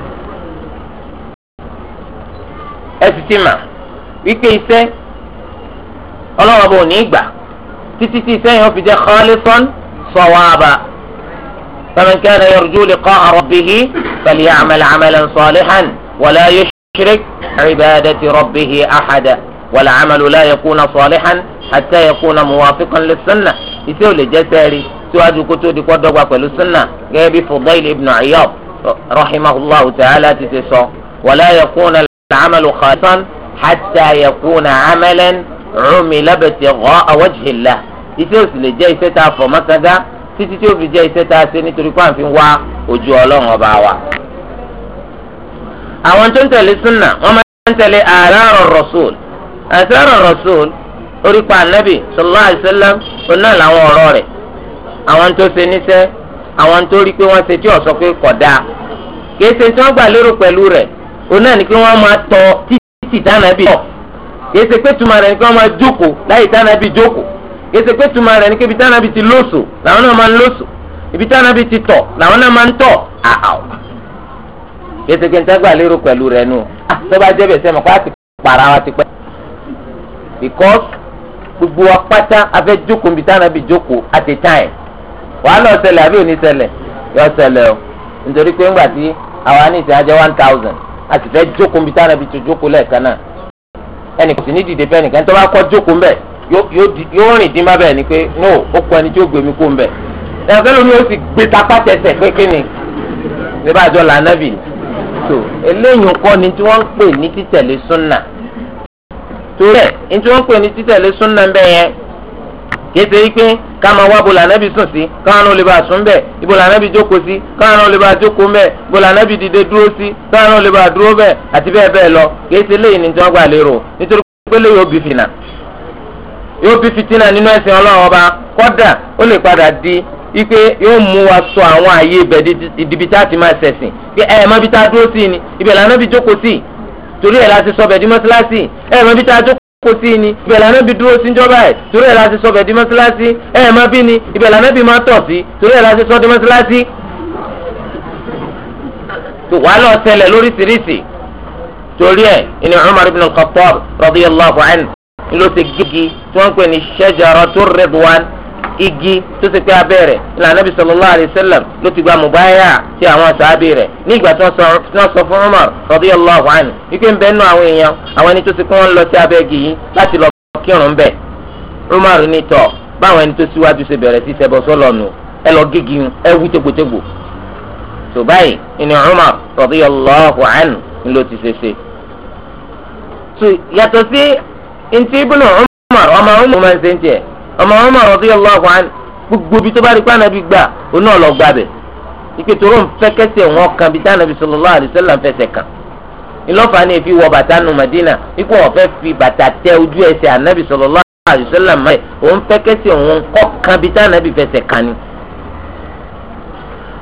ẹ sì ti mà wípé iṣẹ́ ọlọ́run ọba ní gbà títí tí iṣẹ́ yẹn fi jẹ́ khalisan sawaba. فمن كان يرجو لقاء ربه فليعمل عملا صالحا ولا يشرك عبادة ربه أحدا والعمل لا يكون صالحا حتى يكون موافقا للسنة يسوي لجساري síwájú kó tó di kó dọ́gba pẹ̀lú sunna gẹ́gẹ́ bí Fudayl ibn Iyad rahimahullahu ta'ala ti ṣe sọ wala yakuna al-amalu khalisan hatta yakuna amalan umila ibtigha'a wajhillah iṣẹ́ òsì lè jẹ́ iṣẹ́ tá a fọ̀ mọ́kàndá títí tí ó fi jẹ́ iṣẹ́ tá a ṣe nítorí pé à ń fi wá ojú ọlọ́run ọba wa. àwọn tó ń tẹ̀lé sunna wọ́n máa ń tẹ̀lé àràrọ̀ rasul àràrọ̀ rasul orí pa ànábì sallallahu alaihi wasallam onáà làwọn ọ̀rọ̀ rẹ̀ àwọn tó ṣe níṣẹ́ àwọn tó rí pé wọ́n ṣe tí ọ̀sọ́ pé kọ̀ dáa kìí ṣe tí wọ́n gbà lérò pẹ̀lú rẹ̀ òun náà ni pé wọ́n máa tọ títí tánàbì tọ̀ kìí ṣe pé tuma rẹ̀ ni pé wọ́n máa jókòó láyé tánàbì jókòó kìí ṣe pé tuma rẹ̀ ni pé ibi tánàbì ti lóṣò làwọn náà máa ń lóṣò ibi tánàbì ti tọ̀ làwọn náà máa ń tọ̀ àhàw kìí ṣe pé níta gbà lérò pẹ̀lú rẹ̀ nù ah, tó bá kó because gbogbo wa pátá afẹ́ jókòó ibi tánàbì at a time wàhálà ọ̀sẹ̀lẹ̀ àbí o yọ ọ̀sẹ̀lẹ̀ o nítorí pé ńgbà tí àwa ní ìsìn ajẹ́ one thousand a sì fẹ́ jókòó níbi táwọn ibi tó jókòó lẹ́ẹ̀kan náà ẹnì kò sí ní dìde bẹ́ẹ̀ nìkan tó bá kọ́ jókòó ńbẹ̀ yóò rìn dín má bẹ́ẹ̀ ni pé no ó eni ẹni tí ó gbé mi kó ńbẹ̀ ẹnì kan lómi ó sì gbé tapá tẹsẹ̀ kékeré ni síbáàjọ́ lànàbì tó eléyìí kọ́ ni tí wọ́n ń pè ní títẹ̀lé súnà torí ẹ̀ ní tí wọ́n ń pè ní títẹ̀lé súnà yẹn kì í ṣe wípé ká máa wá bọ́lá anábì sùn sí káwọn náà lè bá sùn bẹ́ẹ̀ ìbọ̀lá anábì jókòó sí káwọn náà lè bá jókòó bẹ́ẹ̀ ìbọ̀lá anábì dìde dúró sí káwọn náà lè bá dúró bẹ́ẹ̀ àti bẹ́ẹ̀ bẹ́ẹ̀ lọ kì í ṣe léyìn ní tí wọ́n gbà lérò nítorí pé léyìn òbí fìnà yóò bí fìtínà nínú ẹ̀sìn ọlọ́run ọba kọ́dà ó lè padà di ipe yóò mú wa sọ àwọn àyè ibẹ̀ ìdìbí tá a ti máa ṣẹ̀sìn pé ẹ̀ mọ́ bí tá a dúró sí ni ibẹ̀ lànà bí jókòó sí torí ẹ̀ la ti sọ bẹ̀ẹ́dì mọ́sálásì ẹ̀ mọ́ bí tá a jókòó kó sí ni ìbẹ̀lẹ̀ anábì dúró sí njọba ẹ̀ torí ẹ̀ láti sọ bẹ̀ẹ́dì mọ́sálásí ẹ̀ ẹ̀ má bí ni ìbẹ̀lẹ̀ anábì má tọ̀ sí torí ẹ̀ láti sọ di mọ́sálásí. tó wàá lọ ṣẹlẹ̀ lóríṣiríṣi torí ẹ̀ ìní Umar ibn al-Khattab radiyallahu anhu ló ti gígi tí wọ́n ń pè ní shajaratu ridwan igi tó ṣe pé abẹ́rẹ́ ìlànà Nabi sallallahu alayhi wasallam ló ti gba mùbáyà tí àwọn sàábì rẹ̀ nígbà tí wọ́n sọ fún Umar radiyallahu anhu wípé ń bẹ́ẹ̀ nù àwọn èèyàn àwọn ẹni tó ṣe pé lọ sí abẹ́gi yìí láti lọ kírun bẹ́ẹ̀ Umar ní tọ̀ báwọn ẹni tó síwájú ṣe bẹ̀rẹ̀ sí sọ́lọ́nù ẹ lọ ẹ ọmọ ọmọ radiyallahu anhu gbogbo ibi tó bá rí pé ànábì gbà ó náà lọ gbàbẹ̀ ike tó rò ń fẹ́ kẹsẹ̀ wọn kan bí tánàbí sallallahu alaihi wasallam fẹsẹ̀ kan ìlọ́fà ni èfi wọ bàtà nù Madina ikú wọn fẹ́ fi bàtà tẹ ojú ẹsẹ̀ ànábì sallallahu alaihi wasallam mọ́ ẹ̀ òun fẹ́ kẹsẹ̀ wọn kọ́ kan bí tánàbí fẹsẹ̀ kan ni.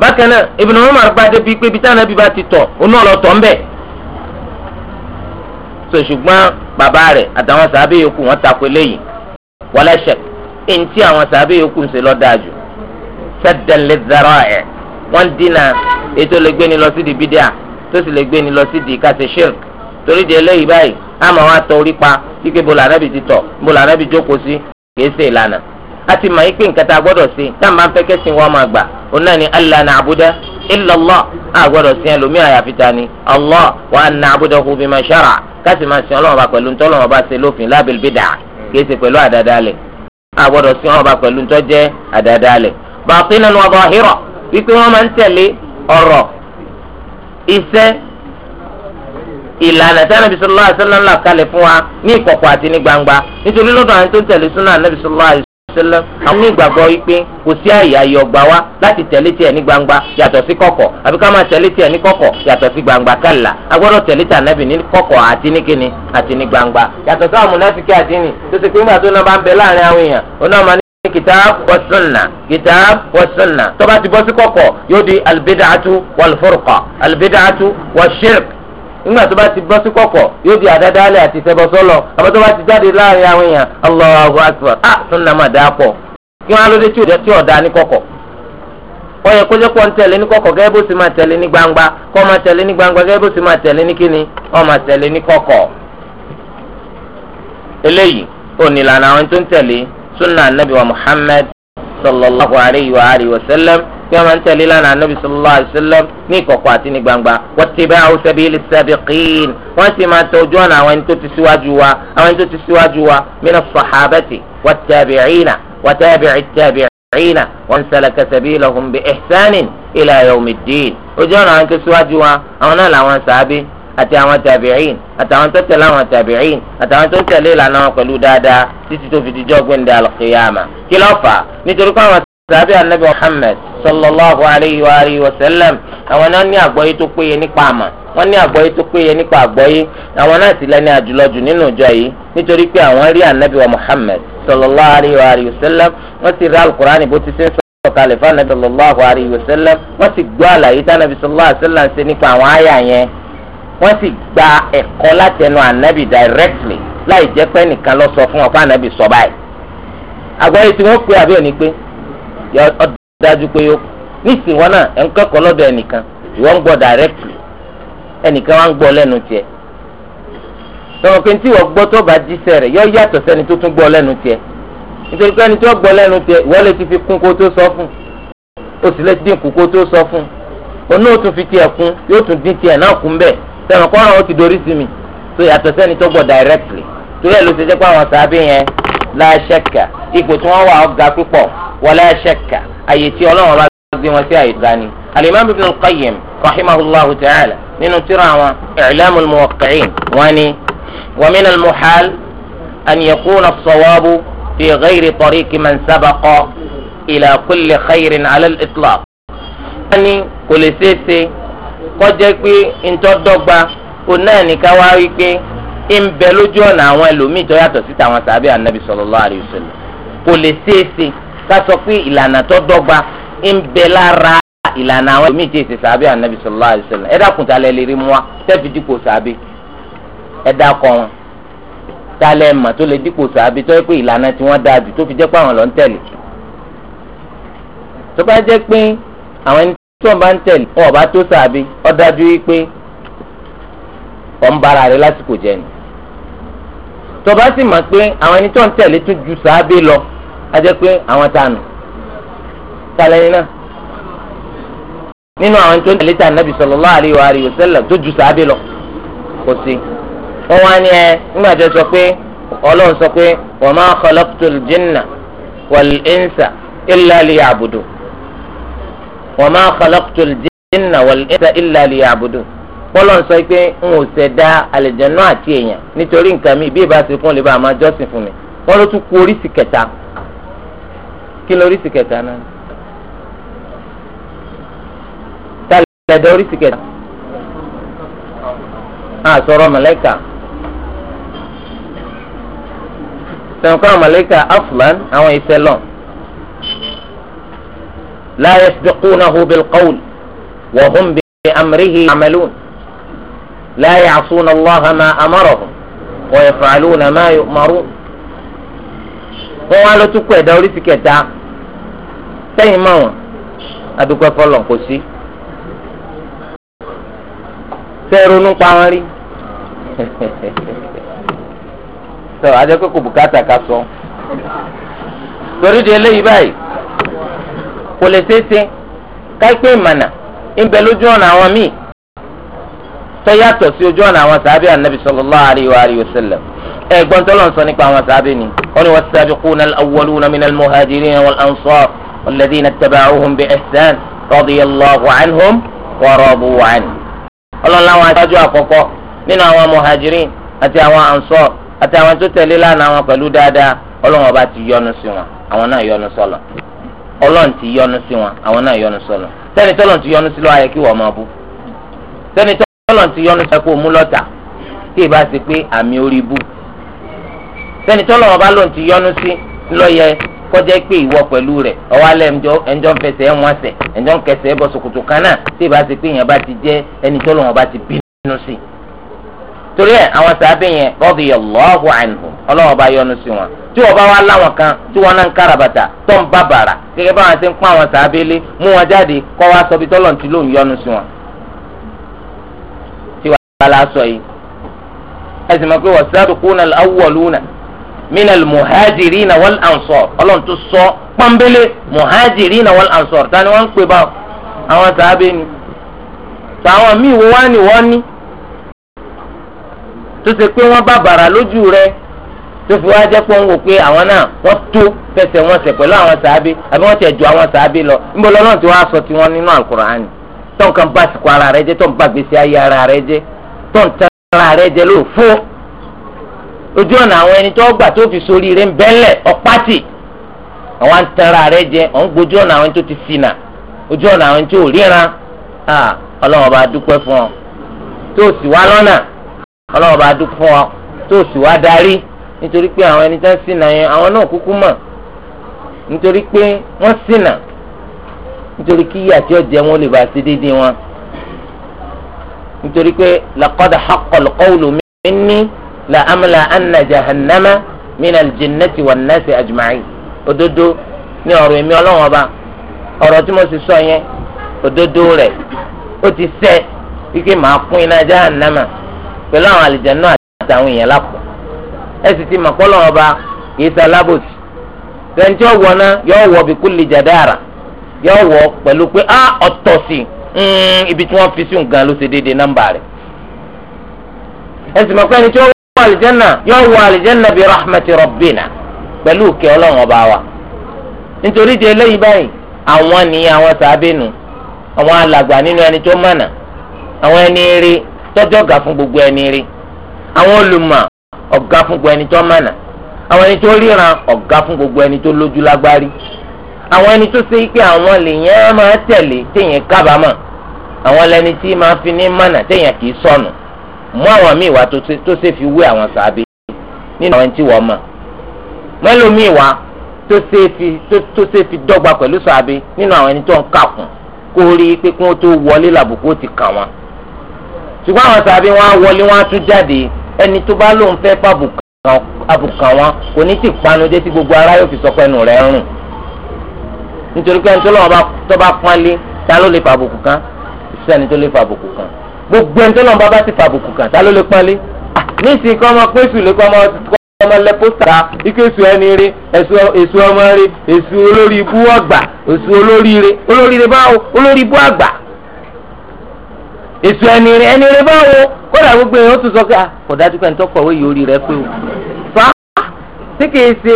bákan náà Ibn Umar gbadé bíi pé bí tánàbí bá ti tọ̀ ó náà lọ tọ̀ ń bẹ̀. sọ ṣùgbọ́n bàbá rẹ̀ àtàwọn sàábẹ̀ yòókù wọn takò eléyìí wala shak eŋti àwọn sàbẹ̀ yòókù ń ṣe lọ́dáàjù saddan lidhara'i wọ́n dínà ètò lè gbéni lọ sí di bídíà tó sì lè gbéni lọ sí di kàṣẹ shirk torí di eléyìí báyìí àmọ́ wa tọ orí pa ike bó lànàbì ti tọ̀ bó lànàbì jókòó sí kìí ṣe ìlànà a ti mọ̀ ipe nǹkan tá a gbọ́dọ̀ ṣe tá a máa ń fẹ́ kẹ́sìn wọn máa gbà òun náà ni allah na'budu illa allah a gbọ́dọ̀ sìn ẹlòmíì àyàfi ta ni allah wa an na'budahu àgbọ̀dọ̀ sí wọn ọba pẹ̀lú tó jẹ́ àdáadáalẹ̀ bàtínà wa zahira wípé wọ́n máa ń tẹ̀lé ọ̀rọ̀ iṣẹ́ ìlànà tí anabi sallallahu alaihi wasallam là kalẹ̀ fún wa ní ìkọ̀kọ̀ àti ní gbangba nítorí lọ́dọ̀ àwọn tó ń tẹ̀lé súnà anabi sallallahu alaihi wasallam àwọn onígbàgbọ́ wípé kò sí àyè ayọ̀ gbà wá láti tẹ̀lé tiẹ̀ ní gbangba yàtọ̀ sí kọ̀kọ̀ àbí ká máa tẹ̀lé tiẹ̀ ní kọ̀kọ̀ yàtọ̀ sí gbangba kàlà agbọ́dọ̀ tẹ̀lé tà nàbì ní kọ̀kọ̀ àti ní kíni àti ní gbangba yàtọ̀ sáwọn múnáfíkì àdínì tó ti pé nígbà tó náà bá ń bẹ láàrin àwọn èèyàn ó náà máa ní kitaab wa kitaab wa tó bá ti bọ́ sí kọ̀kọ̀ yóò di albidacatu walfurqa albidacatu wa nígbà tó bá ti bọ́ sí kọ̀kọ̀ yóò di àdádálẹ̀ àti ìfẹ́bọsọ́lọ̀ àmọ́ tó bá ti jáde láàrin àwọn èèyàn Allahu akbar ah sunna máa dáa pọ̀ kí wọ́n á lóde tí òde tí ọ̀dà ní kọ̀kọ̀ ó yẹ kó jẹ́ tẹ̀lé ní kọ̀kọ̀ gẹ́gẹ́ bó ti máa tẹ̀lé ní gbangba máa tẹ̀lé ní gbangba gẹ́gẹ́ bó ti máa tẹ̀lé ní kíni máa tẹ̀lé ní kọ̀kọ̀ eléyìí ní àwọn tó kí wọn máa ń tẹ̀lé lánàá anabi sallallahu alayhi wa sallam ní ìkọ̀kọ̀ àti ní gbangba wọ́n ti sẹ́bi ilé sẹ́bi sabiqin wọ́n sì máa tọ ojú ọ̀nà àwọn ẹni tó ti síwájú wa àwọn ẹni tó ti síwájú wa mina sahabati wattabi'ina wattabi'i tabi'ina wa man salaka sabilahum bi ihsanin ila yawmiddin ojú ọ̀nà àwọn tó síwájú wa àwọn náà wọn pẹ̀lú dáadáa títí tó fi di jọ́ sàbí anabi muhammed sallallahu alayhi wa alayhi wa sallam àwọn náà ní àgbọ́yé tó péye nípa àmà wọ́n ní àgbọ́yé tó péye nípa àgbọ́yé àwọn náà sì lẹ́ni àjùlọ́jù nínú ìjọ yìí nítorí pé àwọn rí anabi wa muhammed sallallahu alayhi wa alayhi wa sallam wọ́n sì rí alukur'an bó ti ṣe ń sọ̀rọ̀ kalẹ̀ fún anabi sallallahu alayhi wa sallam wọ́n sì gbọ́ àlàyé tí anabi sallallahu alayhi wa sallam ṣe nípa àwọn àyà yẹn wọ́n sì gba ẹ̀kọ́ látẹnu anabi directly láì jẹ́ pé ẹnìkan ló sọ fún ọ yọ dájú pé yó nísìnyí wọn náà ẹ ń kẹ́kọ̀ọ́ lọ́dọ̀ ẹnìkan ìwọ ń gbọ́ directly ẹnìkan wá ń tọmọ tí wọ́n gbọ́ tó bá rẹ̀ yọ yàtọ̀ sẹ́ni tó tún gbọ́ lẹ́nu tiẹ̀ nítorí pé ẹni tó gbọ́ lẹ́nu tiẹ̀ lè ti fi tó sọ fún o sì lè fún náà tún fi tiẹ̀ kún yóò tún dín tiẹ̀ náà kún bẹ́ẹ̀ la shakka ipò tí wọ́n wà ọ̀gá púpọ̀ wala shakka àyè tí ọlọ́run bá gbé wọn sí àyè gani. alimami ibn al-qayyim rahimahullahu ta'ala nínú tírà wọn i'lamu al-muwaqqi'in wọn ni wa min al-muhal an yakuna as-sawabu fi ghayri tariqi man sabaqa ila kulli khayrin ala al-itlaq. wọ́n kò lè ṣeé ṣe kọjá pé ntọ́ dọ́gba òun wá wí ń bẹ lójú ọ̀nà àwọn ẹlòmíì tó yàtọ̀ sí tàwọn sàbẹ̀ ànábì sallallahu alaihi wasallam kò lè ṣeéṣe ká sọ pé ìlànà tó dọ́gba ń bẹ lára ìlànà àwọn ẹlòmíì tí èsì sàbẹ̀ ànábì sallallahu alaihi wasallam ẹ dákun talẹ̀ lè rí mu wa tẹ́fi dípò sàbẹ̀ ẹ dákọ̀ wọn talẹ̀ mà tó lè dípò sàbẹ̀ tó yẹ pé ìlànà tí wọ́n dáa jù tó fi jẹ́ pé àwọn lọ ń tẹ̀lé tó bá jẹ́ pé àwọn ẹni tí ń bá ń bára tọba sì mọ̀ pé àwọn ẹni tó ń tẹ̀lé tó ju sàábé lọ á jẹ́ pé àwọn ta nù tàlẹ́yìn náà nínú àwọn tó ń tẹ̀lé tà nàbì sallallahu alaihi wa alihi wa sallam tó ju sàábé lọ kò sí. wọ́n wá ní ẹ nígbà tó sọ pé ọlọ́run sọ pé wa ma khalaqtul jinna wal insa illa liya'budun wa ma khalaqtul jinna wal insa illa liya'budun pọ́lọ́ ń sọ pé n ò ṣẹ̀dá àlejànú àti èèyàn nítorí nǹkan mi bí ìbá ṣe fún lè bá a máa jọ́sìn fún mi wọ́n ló tún kù oríṣi kẹta kí ni oríṣi kẹta náà tàlẹ́dọ̀ oríṣi kẹta náà sọ̀rọ̀ mọ̀lẹ́kà sẹ̀ǹkọ́ mọ̀lẹ́kà afulan àwọn ìṣẹ̀lọ̀ la yasbiqunahu bilqawl wa hum bi amrihi amalun. لا يعصون الله ما أمرهم ويفعلون ما يؤمرون wọ́n wá ló tún kọ́ ẹ̀dá oríṣi kẹta sẹ́yìn mọ́ wọn adúgbò kò sí. sẹ́ẹ̀rọ̀nù pa wọn rí. sọ adékò kò bùkátà ká sọ. torí di báyìí kò lè ṣeé ṣe ìmànà ń bẹ lójú ọ̀nà àwọn míì. tó yàtọ̀ sí ojú ọ̀nà àwọn sàábì ànábì sallallahu alayhi wa alihi wa sallam ẹ̀gbọ́n tó lọ́n sọ nípa àwọn sàábì ni wọ́n ní was-sabiquna al-awwaluna mina al-muhajirina wal-ansar walladhina ittaba'uhum bi ihsan radiyallahu anhum wa radu anhu. ọlọ́run láwọn aṣáájú àkọ́kọ́ nínú àwọn muhajirin àti àwọn ansar àti àwọn tó tẹ̀lé lánàá wọn pẹ̀lú dáadáa ọlọ́run ọba ti yọ́nú sí àwọn náà tọ́lọ̀ ti yọ́nu sọ pé òun lọ́tà tí ì bá ṣe pé àmì orí bù sẹ́ni tọ́lọ̀ wọn bá lòun ti yọ́nu sí lọ́yẹ kọjá pé ìwọ pẹ̀lú rẹ̀ ọwọ́ alẹ́ ẹnjọ́ ń fẹsẹ̀ ẹ̀wọ̀n ẹsẹ̀ ẹnjọ́ ń kẹsẹ̀ ẹbọ ṣòkòtò kan náà tí ì bá ṣe pé èèyàn bá ti jẹ́ ẹni tọ́lọ̀ wọn bá ti bínú sí. torí ẹ àwọn sàábẹ̀ yẹn radiyallahu anhum ọlọ́wọ́n bá yọ́nu sí wọn tí wọ́n bá wá láwọn kan tí wọ́n náà ń kárabàtà tó ń bàbàrà gẹ́gẹ́ báwọn ti bala sọ yìí ẹsìn máa pé wasabiquna al-awwaluna min al-muhajirina wal-ansar ọlọ́run tó sọ pọ́nbélé muhajirina wal-ansar tani wọ́n ń pè bá àwọn sàábé ni tó àwọn míì wọ́n wá ní wọ́n ní tó ṣe pé wọ́n bá bàrà lójú rẹ̀ tó fi wá jẹ́ pé wọ́n wò pé àwọn náà wọ́n tó fẹsẹ̀ wọn sẹ̀ pẹ̀lú àwọn sàábé àbí wọ́n ju àwọn sàábé lọ níbo lọ́lọ́run ti wá sọ tiwọn nínú Al-Qur'ani tó nǹkan bá sìkò ara rẹ̀ jẹ́ tó ń bá gbèsè ara rẹ̀ jẹ́ tó ń tan ara rẹ jẹ ló fún ojú ọ̀nà àwọn ẹni tó gbà tó fi sórí rẹ ń bẹ́lẹ̀ ọ̀pátì àwọn tan ara rẹ jẹ ọ̀ gbójú ọ̀nà àwọn tó ti ṣìnà ojú ọ̀nà àwọn tó ríran ọlọ́wọ́ bá dúpẹ́ fún ọ tó sì wá lọ́nà ọlọ́wọ́ bá dúpẹ́ fún ọ tó sì wá darí nítorí pé àwọn ẹni tó ń ṣìnà yẹn àwọn náà kúkú mọ̀ nítorí pé wọ́n nítorí pé laqad haqqal qawlu minni la amla anna jahannama mina al-jinnati wan-nasi ajma'in òdodo ní ọ̀rọ̀ èmi ọlọ́wọ́n ọba ọ̀rọ̀ tí mo sì sọ yẹn òdodo rẹ̀ ó ti sẹ́ kíkẹ́ máa kún iná jahannama pẹ̀lú àwọn àlìjẹ̀nú àtàwọn èèyàn lápò ẹ sì ti mọ̀kọ́ lọ́wọ́ ọba kìí sa lábòsí sẹ́ńtì ọ̀wọ́ náà yọ wọ bi kulli jadara yọ wọ pẹ̀lú pé á ah, ọ̀tọ̀ sí i. Mm, ibi tí wọ́n fi sí nǹkan ló ṣe déédéé nọ́mbà rẹ̀ ẹ̀sìn mọ̀pẹ́ ni tí wọ àlìjẹ́nà yóò wọ àlìjẹ́nà bíi rahmat rabbina pẹ̀lú òkè ọlọ́run ọba wa nítorí di eléyìí báyìí àwọn ni àwọn sàábẹ́nu àwọn alàgbà nínú ẹni tó mọ̀nà àwọn ẹni rí tọ́jú ọ̀gá fún gbogbo ẹni rí àwọn olùmọ̀ ọ̀gá fún gbogbo ẹni tó mọ̀nà àwọn ẹni tó ríran ọ̀gá fún gbogbo ẹni tó lójú lágbárí àwọn ẹni tó ṣe pé àwọn lèyàn á máa tẹ̀lé téèyàn kábàámọ̀ àwọn lẹni tí máa fi ní mànà téèyàn kì í sọnù mú àwọn míì wá tó ṣe fi wé àwọn sàbí nínú àwọn tí wọ́n mọ̀ mẹ́lòmíì wá tó ṣe fi dọ́gba pẹ̀lú sàbí nínú àwọn ẹni tó ń kà kún kó rí i pé kí wọ́n tó wọlé làbùkù ó ti kà wọ́n ṣùgbọ́n àwọn sàbí wọn á wọlé wọn á tún jáde ẹni tó bá lóun fẹ́ fàbùkàn wọn kò ní ti panu dé tí gbogbo ará yóò fi sọ pé rẹ̀ rùn nítorí pé ẹnitọ́ lọ́wọ́ tó bá pọ́nlé ta ló lè fàbùkù kan sẹ́ni tó lè fàbùkù kan gbogbo ẹnitọ́ lọ́wọ́ bá ti fàbùkù kan ta ló lè pọ́nlé ní ìsìn kọ́ ọmọ pẹ́sù lè kọ́ ọmọ ọmọ lẹ pósítà ike èso ẹni rí èso ọmọ rí èso olórí ibú ọgbà èso olórí rí olórí rí báwo olórí ibú àgbà èso ẹni rí ẹni rí báwo kódà gbogbo èèyàn ó tún sọ pé kò dájú pé ẹni tó kọ̀wé rẹ pé o fa tí kìí ṣe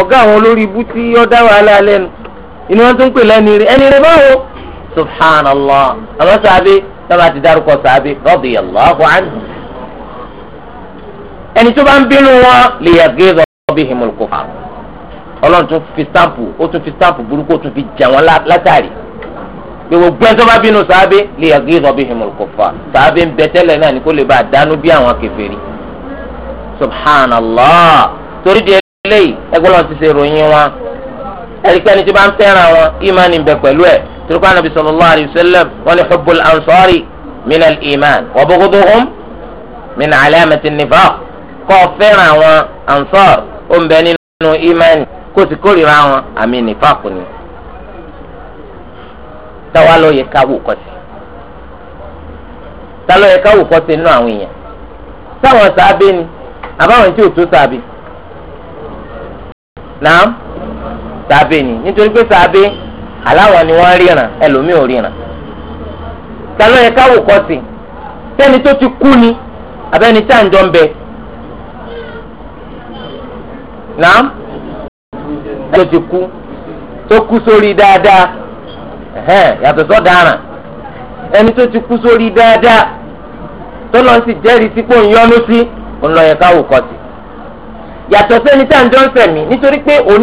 ọ̀gá àwọn olórí ibú tí ó dá wàhálà lẹ́nu inú wọn tún pè lẹ́ni rí ẹni rí báwo subhanallah àwọn sàbí sábà ti dárúkọ sàbí radiyallahu anhu ẹni tó bá ń bínú wọn lè yàgé bihimul kufar ọlọ́run tún fi stampu ó tún fi stampu burúkú ó tún fi jà wọn látàrí gbogbo ẹjọ́ bá bínú sàábé lè yàgé bihimul kufar sàábé ń bẹ tẹ́lẹ̀ náà ni kó lè bá a dánú bí àwọn kèfèrí subhanallah torí di eléyìí ẹgbẹ́ lọ́n ti ṣe ròyìn wọn ẹnikẹ́ni tí bá ń fẹ́ràn wọn ìmánì ń bẹ pẹ̀lú ẹ̀ tìrúkọ́ anabi sallallahu alayhi wa sallam wọn ni hubbul ansari min al-iman wa bughduhum min alamati an-nifaq kọ́ fẹ́ràn àwọn ansar ó ń bẹ nínú ìmánì kó sì kórìíra àwọn àmì nìfàkù ni. táwa ló yẹ káwù kọ́sì tá ló yẹ káwù kọ́sì nínú àwọn èèyàn táwọn sábẹ́ ni àbáwọn tí ò tó sábẹ́. naam sàbẹ̀ ni nítorí pé sàbẹ̀ aláwọ̀ ni wọ́n ríran ẹlòmíì ò ríran tàló yẹ káwò kọ́ sí sẹ́ni tó ti kú ni abẹ́ni tá à ń jọ ń bẹ náà tó ti kú tó kú sórí dáadáa yàtọ̀ sọ́daràn ẹni tó ti kú sórí dáadáa tó lọ sí jẹ́rìí sí pé òun sí òun lọ yẹ káwò kọ́ sí yàtọ̀ sẹ́ni tá à ń jọ ń sẹ̀mí nítorí pé òun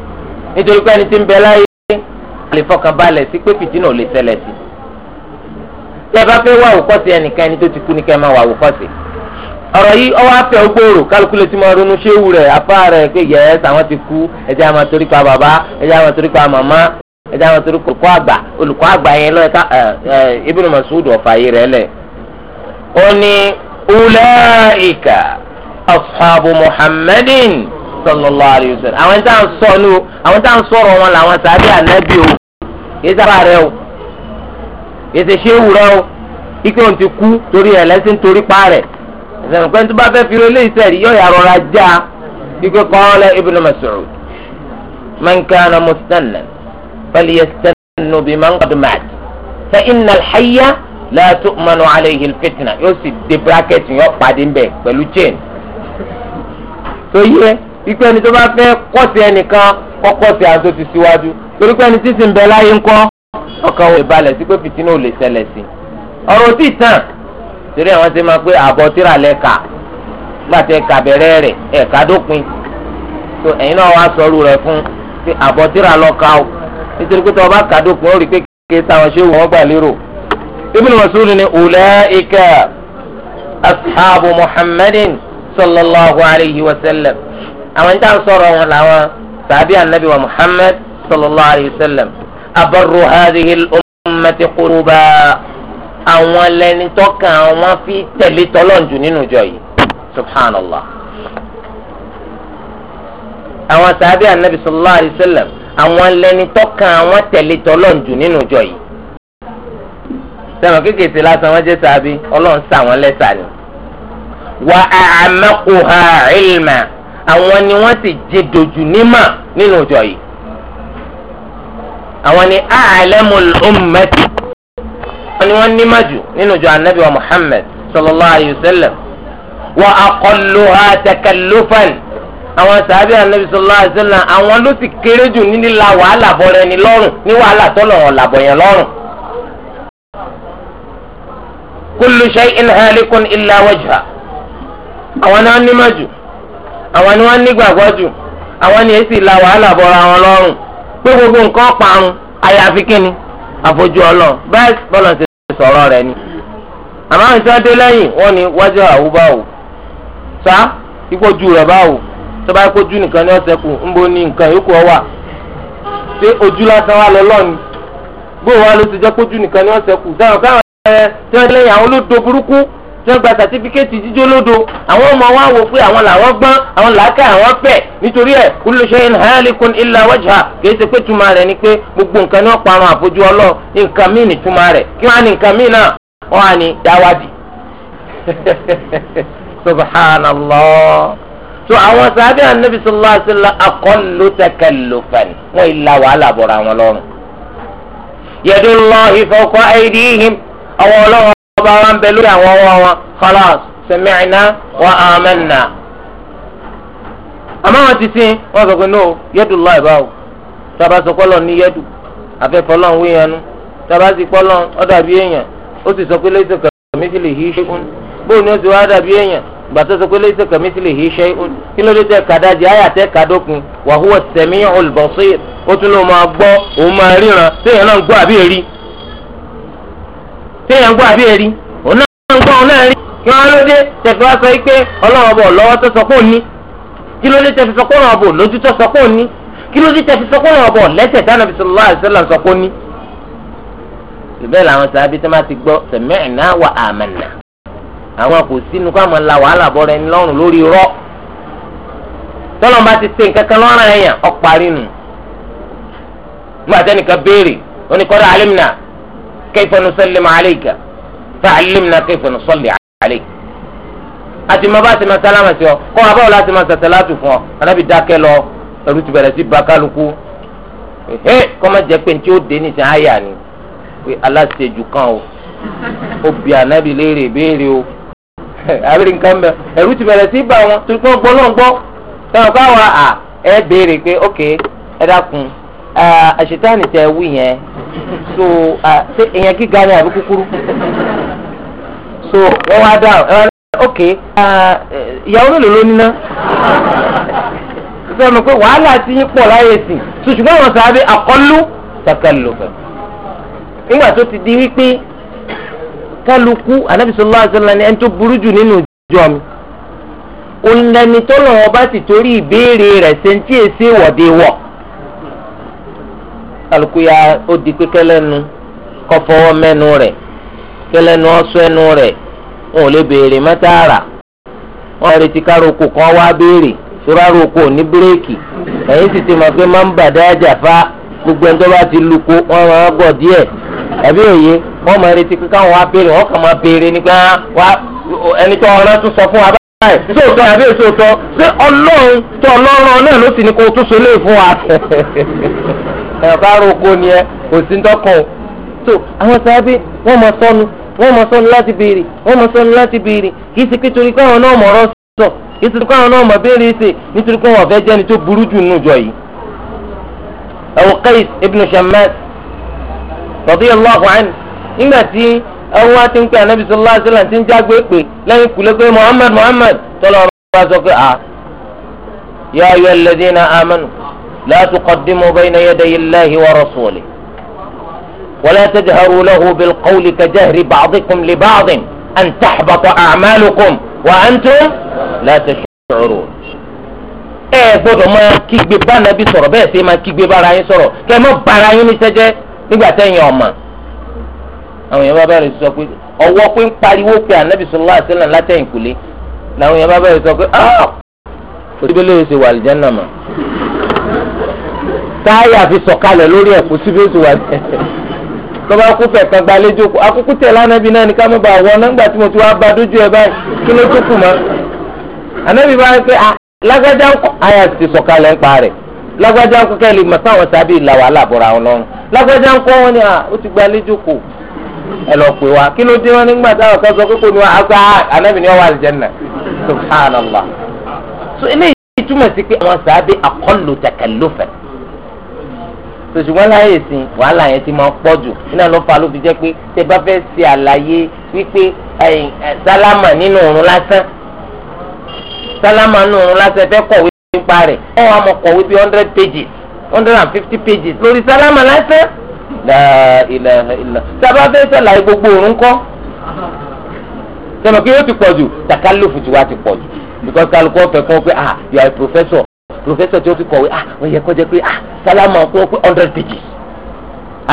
nítorí pé ẹni tí ń bẹ láyé lè fọkàn balẹ̀ sí pé fìtínà ò lè ṣẹlẹ̀ sí. tí ẹ bá fẹ́ wá àwòkọ́sí ẹnìkan ẹni tó ti kú ní kẹ́ ẹ máa wá àwòkọ́sí. ọ̀rọ̀ yìí ọwọ́ afẹ́ ogbòòrò kálukú lè ti máa ronú ṣéwù rẹ̀ apá rẹ̀ pé yẹ́s àwọn ti kú ẹ̀jẹ̀ àwọn torí pa bàbá ẹ̀jẹ̀ àwọn torí pa màmá ẹ̀jẹ̀ àwọn torí pa olùkọ́ àgbà olùkọ́ àgbà yẹn lọ́yẹ ká Ibn Mas'ud ọ̀fà sallallahu alaihi wasallam àwọn tá à ń sọ ní o àwọn tá à ń sọ̀rọ̀ wọn làwọn sàbí ànábì o kìí sábà rẹ o kìí ṣe ṣé wùrẹ́ o ike òun ti kú torí ẹ̀ torí pa rẹ̀ ẹ̀sìn pé tó bá fẹ́ fi olè ìsẹ̀rí yóò yà rọra já ike qala ibn Mas'ud man kana mustannan falyastannu biman qad mat fa inna al-hayya la fitna yóò sì dé bracket yóò pàdé ń pẹ̀lú chain ikú ẹni tó bá fẹ́ kọ́sì ẹnìkan kọ́kọ́sì àti tó ti síwájú torí pé ẹni tí ti ń bẹ láyé ńkọ́ ọkàn wò ìbalẹ̀ sí pé fìtínà ò lè ṣẹlẹ̀ sí ọ̀rọ̀ tí ì tàn torí àwọn ṣe máa pé àbọ̀ tíra lẹ́ka gbàtẹ́ ẹ̀ka rẹ̀ ẹ̀ka dópin tó ẹ̀yin náà wá sọ̀rù rẹ̀ fún pé àbọ̀ tíra lọ́ka o nítorí pé tó bá kà dópin ó rí pé kéèké táwọn ṣé wọ́n gbà lérò Ibn Mas'ud ni ulaika ashabu Muhammadin sallallahu alayhi wa sallam àwọn ìta sọ̀rọ̀ wọn làwọn sàbí anabi wa muhammad sallallahu alayhi wa sallam abarru hadhihi ummati quruba àwọn lẹni tọkàn wọn fi tẹ̀lé tọ́lọ́njù nínú ìjọ yìí subhanallah àwọn sàbí anabi sallallahu alayhi wa sallam àwọn lẹni tọkàn wọn tẹ̀lé tọ́lọ́njù nínú ìjọ yìí sẹ́wọ̀n kékeré lásán wọ́n jẹ́ sàbí ọlọ́run sà wọ́n lẹ́sà ni àmẹ́kù ha ilmà àwọn ni wọ́n sì jẹ dojú nímà nínú ìjọ yìí àwọn ni a'lamul ummati àwọn ni wọ́n nímà jù nínú ìjọ anabi wa muhammed sallallahu alayhi wa sallam wa aqalluha takallufan àwọn sàbí anabi sallallahu alayhi wa sallam àwọn ló sì kéré jù nílá wàhálà bọ̀rẹ̀ ni lọ́rùn ní wàhálà tọ́lọ̀ ọ̀làbọ̀ yẹn lọ́rùn. kullu shay'in halikun illa wajha àwọn náà nímà jù àwọn ni wọ́n nígbàgbọ́ jù àwọn ni èsì la wàhálà bọ́ra wọn lọ́rùn pé gbogbo nǹkan parun àyàfi kíni àfojú ọlọ́run bẹ́ẹ̀ bọ́lọ̀ ti sọ̀rọ̀ rẹ̀ ni. àmọ́ àwọn ìṣẹ́ dé lẹ́yìn wọ́n ní wájú àwù bá wò sá ìkójú rẹ̀ bá wò tó bá kójú nìkan ní ọ̀sẹ̀ kù ńbo ni nǹkan yòókù ọ wà ṣé ojú lásán wà lọ lọ́ni gbóòwò wa ló ti jẹ́ kójú nìkan ní ọ̀sẹ̀ kù dáhùn káwọn ẹ̀ tí lẹ́yìn àwọn olódo burúkú tí wọ́n gba sàtífíkẹ́tì jíjó lódo àwọn ọmọ wa wò pé àwọn làwọn gbọ́n àwọn làákà àwọn fẹ̀ nítorí ẹ̀ kullu shay'in halikun illa wajha kìí ṣe pé tuma rẹ̀ ni pé gbogbo nǹkan ni wọ́n parun àfojú ọlọ́ nǹkan míì ní tuma rẹ̀ kí wọ́n á ní nǹkan míì náà wọ́n á ní dáwádì. subhanallah so àwọn sàbẹ̀ anabi sallallahu alayhi wa sallam aqallu ìlà wàhálà bọ̀rọ̀ àwọn ọlọ́run bá wà ń bẹ lórí àwọn ọwọ́ wọn khalas sami'na wa amanna. àmọ́ wọn ti sin wọn sọ pé no yẹ́dù lọ́ọ̀ ẹ̀ báwo tába sọ pé Ọlọ́run ní yẹ́dù afẹ́fọ́ lọ́n wí yẹn nu tába sì pọ́ lọ́n dàbí èèyàn ó sì sọ pé laysa kamithlihi shay'un bóun ni ó sì wá dàbí èèyàn gbàtọ́ sọ pé laysa kamithlihi shay'un kí ló dé tẹ kàdájì ayà tẹ kàdókun wa huwa as ó tún lóun téèyàn gbọ́ àbí ẹ̀rí òun náà ń gbọ́ òun náà rí kí wọ́n á ló dé tẹ̀fẹ́ wá sọ yìí pé ọlọ́wọ́ bọ̀ lọ́wọ́ tó sọ pé òun ní kí ló dé tẹ̀fẹ́ sọ pé ọlọ́wọ́ bọ̀ lójú tó sọ pé òun ní kí ló dé tẹ̀fẹ́ sọ pé ọlọ́wọ́ bọ̀ lẹ́sẹ̀ dáná bí sọlá àṣẹlá sọ pé òun ní. bẹ́ẹ̀ làwọn sábẹ́ tó máa ti gbọ́ sẹ̀mẹ́ẹ̀nà wà àmàna àwọn kò sínú kó àwọn la wàhálà bọ́ra كيف نسلم عليك؟ فعلمنا كيف نصلي عليك. àti mọ bá ti ma sálámà sí ọ kọ́ abáwò láti ma sàtàlátù fún ọ anábì dákẹ́ lọ ẹrú ti bẹ̀rẹ̀ sí ba kálukú ehe kọ́má jẹ́ pé ntí ó dé nísìnyí àyà ni pé aláṣejù kan o obì anábì léèrè béèrè o àbẹ̀rẹ̀ nǹkan bẹ̀ ẹrú ti bẹ̀rẹ̀ sí bá wọn torí pé wọ́n gbọ́ náà gbọ́ sọ̀rọ̀ káwa à ẹ béèrè pé ok ẹ dákun àṣetáni tẹ wí yẹn so ah, ṣe èèyàn gíga ni àbí kúkúrú so wọ́n wá dáhùn ẹ ok ah, ìyàwó mélòó ló níná sọ ma pé wàhálà ti yín pọ̀ láyé sí so ṣùgbọ́n àwọn sàábé àkọlù takallufa nígbà tó ti di wípé kálukú anabi sallallahu alaihi wasallam ni ẹni tó burú jù nínú ìjọ mi òun lẹni tó lọ́wọ́ bá ti torí ìbéèrè rẹ̀ ṣe ń tí èsì ìwọ́de wọ̀. kálukú ya ó di pé kẹlẹ́nu kọ́ fọwọ́ mẹ́nu rẹ̀ kẹlẹ́nu ọ̀sọ́ ẹnu rẹ̀ wọn ò lè béèrè mẹ́tàrà wọn retí károkò kan wá béèrè soraroko ní bírèkì ẹ̀yìn sì ti mọ̀ pé máa ń gbogbo ẹni tó bá ti luko wọn máa gbọ̀ díẹ̀ ẹ̀bí òye wọn máa retí pé káwọn wá béèrè wọn kàn máa béèrè nígbà ah, wa báyìí sóòtọ́ àbí ọlọ́run tó ọlọ́run náà ló sì ní kó tún so lé ẹ̀rọ aróko ni ẹ kò sí dọ́kàn o so àwọn sábẹ́ wọ́n mọ sọnù wọ́n mọ sọnù láti béèrè wọ́n mọ sọnù láti béèrè kì í ṣe kítorí káwọn náà mọ̀ ọ̀rọ̀ sọ kì í ṣe káwọn náà mọ̀ béèrè ṣe nítorí pé wọ́n tó burú jù nínú ìjọ yìí. ẹ̀wọ̀n anhu nígbà tí wa ti ń pè anabi sallallahu alaihi wasallam ti ń jágbe pè ah, ya لا تقدموا بين يدي الله ورسوله ولا تجهروا له بالقول كجهر بعضكم لبعض أن تحبط أعمالكم وأنتم لا تشعرون ẹ gbọ́dọ̀ máa kígbe bá nàbí sọ̀rọ̀ bẹ́ẹ̀ sì máa kígbe bára yín sọ̀rọ̀ kẹ́ má bára yín ní sẹjẹ nígbà tẹ̀yìn ọmọ àwọn èèyàn bá bẹ̀rẹ̀ sọ pé ọwọ́ pé ń pariwo pé ànábì sallallahu alaihi wasallam látẹ̀yìn kùlé làwọn èèyàn bá bẹ̀rẹ̀ sọ pé ah òṣìbílẹ̀ yóò ṣe wà àlìjẹ́ náà mọ̀ táyà fi sọ̀kalẹ̀ lórí ẹ̀kú síbi oṣù wà jẹ́ lọ́ba kú fẹ̀kan gba lẹ́jọ́ kú akúkú tẹ̀ lánàbí náà ní ká má bàa wọ́n nígbà tí mo ti wá ba dójú ẹ báyìí kí ló tún kù mọ́ ànábì bá ń pẹ́ ah, lágbájá ń kọ́ àyà ti sọ̀kalẹ̀ ń pa rẹ̀ lágbájá ń kọ́ kẹ́lẹ́ mọ̀ sáwọn sábì ìlà wàhálà bọ̀rọ̀ àwọn lọ́rùn lágbájá ń kọ́ wọn ni ah, ó ti gba lẹ́jọ́ kù ẹ lọ pè wá kí ló dé wọn nígbà táwọn so eléyìí túmọ̀ sí pé àwọn sábì sòṣùgbọ́n láyè sìn wàhálà yẹn ti máa pọ̀ jù iná ló fa ló fi jẹ́ pé tẹ bá fẹ́ ṣe àlàyé wípé sálámà nínú òrun lásán sálámà nínú òrun lásán fẹ́ kọ̀wé nípa rẹ̀ ẹ̀ wọ́n á mọ̀ kọ̀wé bíi hundred pages hundred and fifty pages lórí sálámà lásán sábà fẹ́ sàlàyé gbogbo òrun kọ́ sọ̀rọ̀ kí yóò ti pọ̀ jù takálófù tí wàá ti pọ̀ jù because kálukọ́ fẹ́ kọ́ pé ah you are a professor pòfẹ́sọ̀ tí ó fi kọ̀wé ah wọ́n yẹ kó jẹ́ pé ah sálámà kó pé hundred pages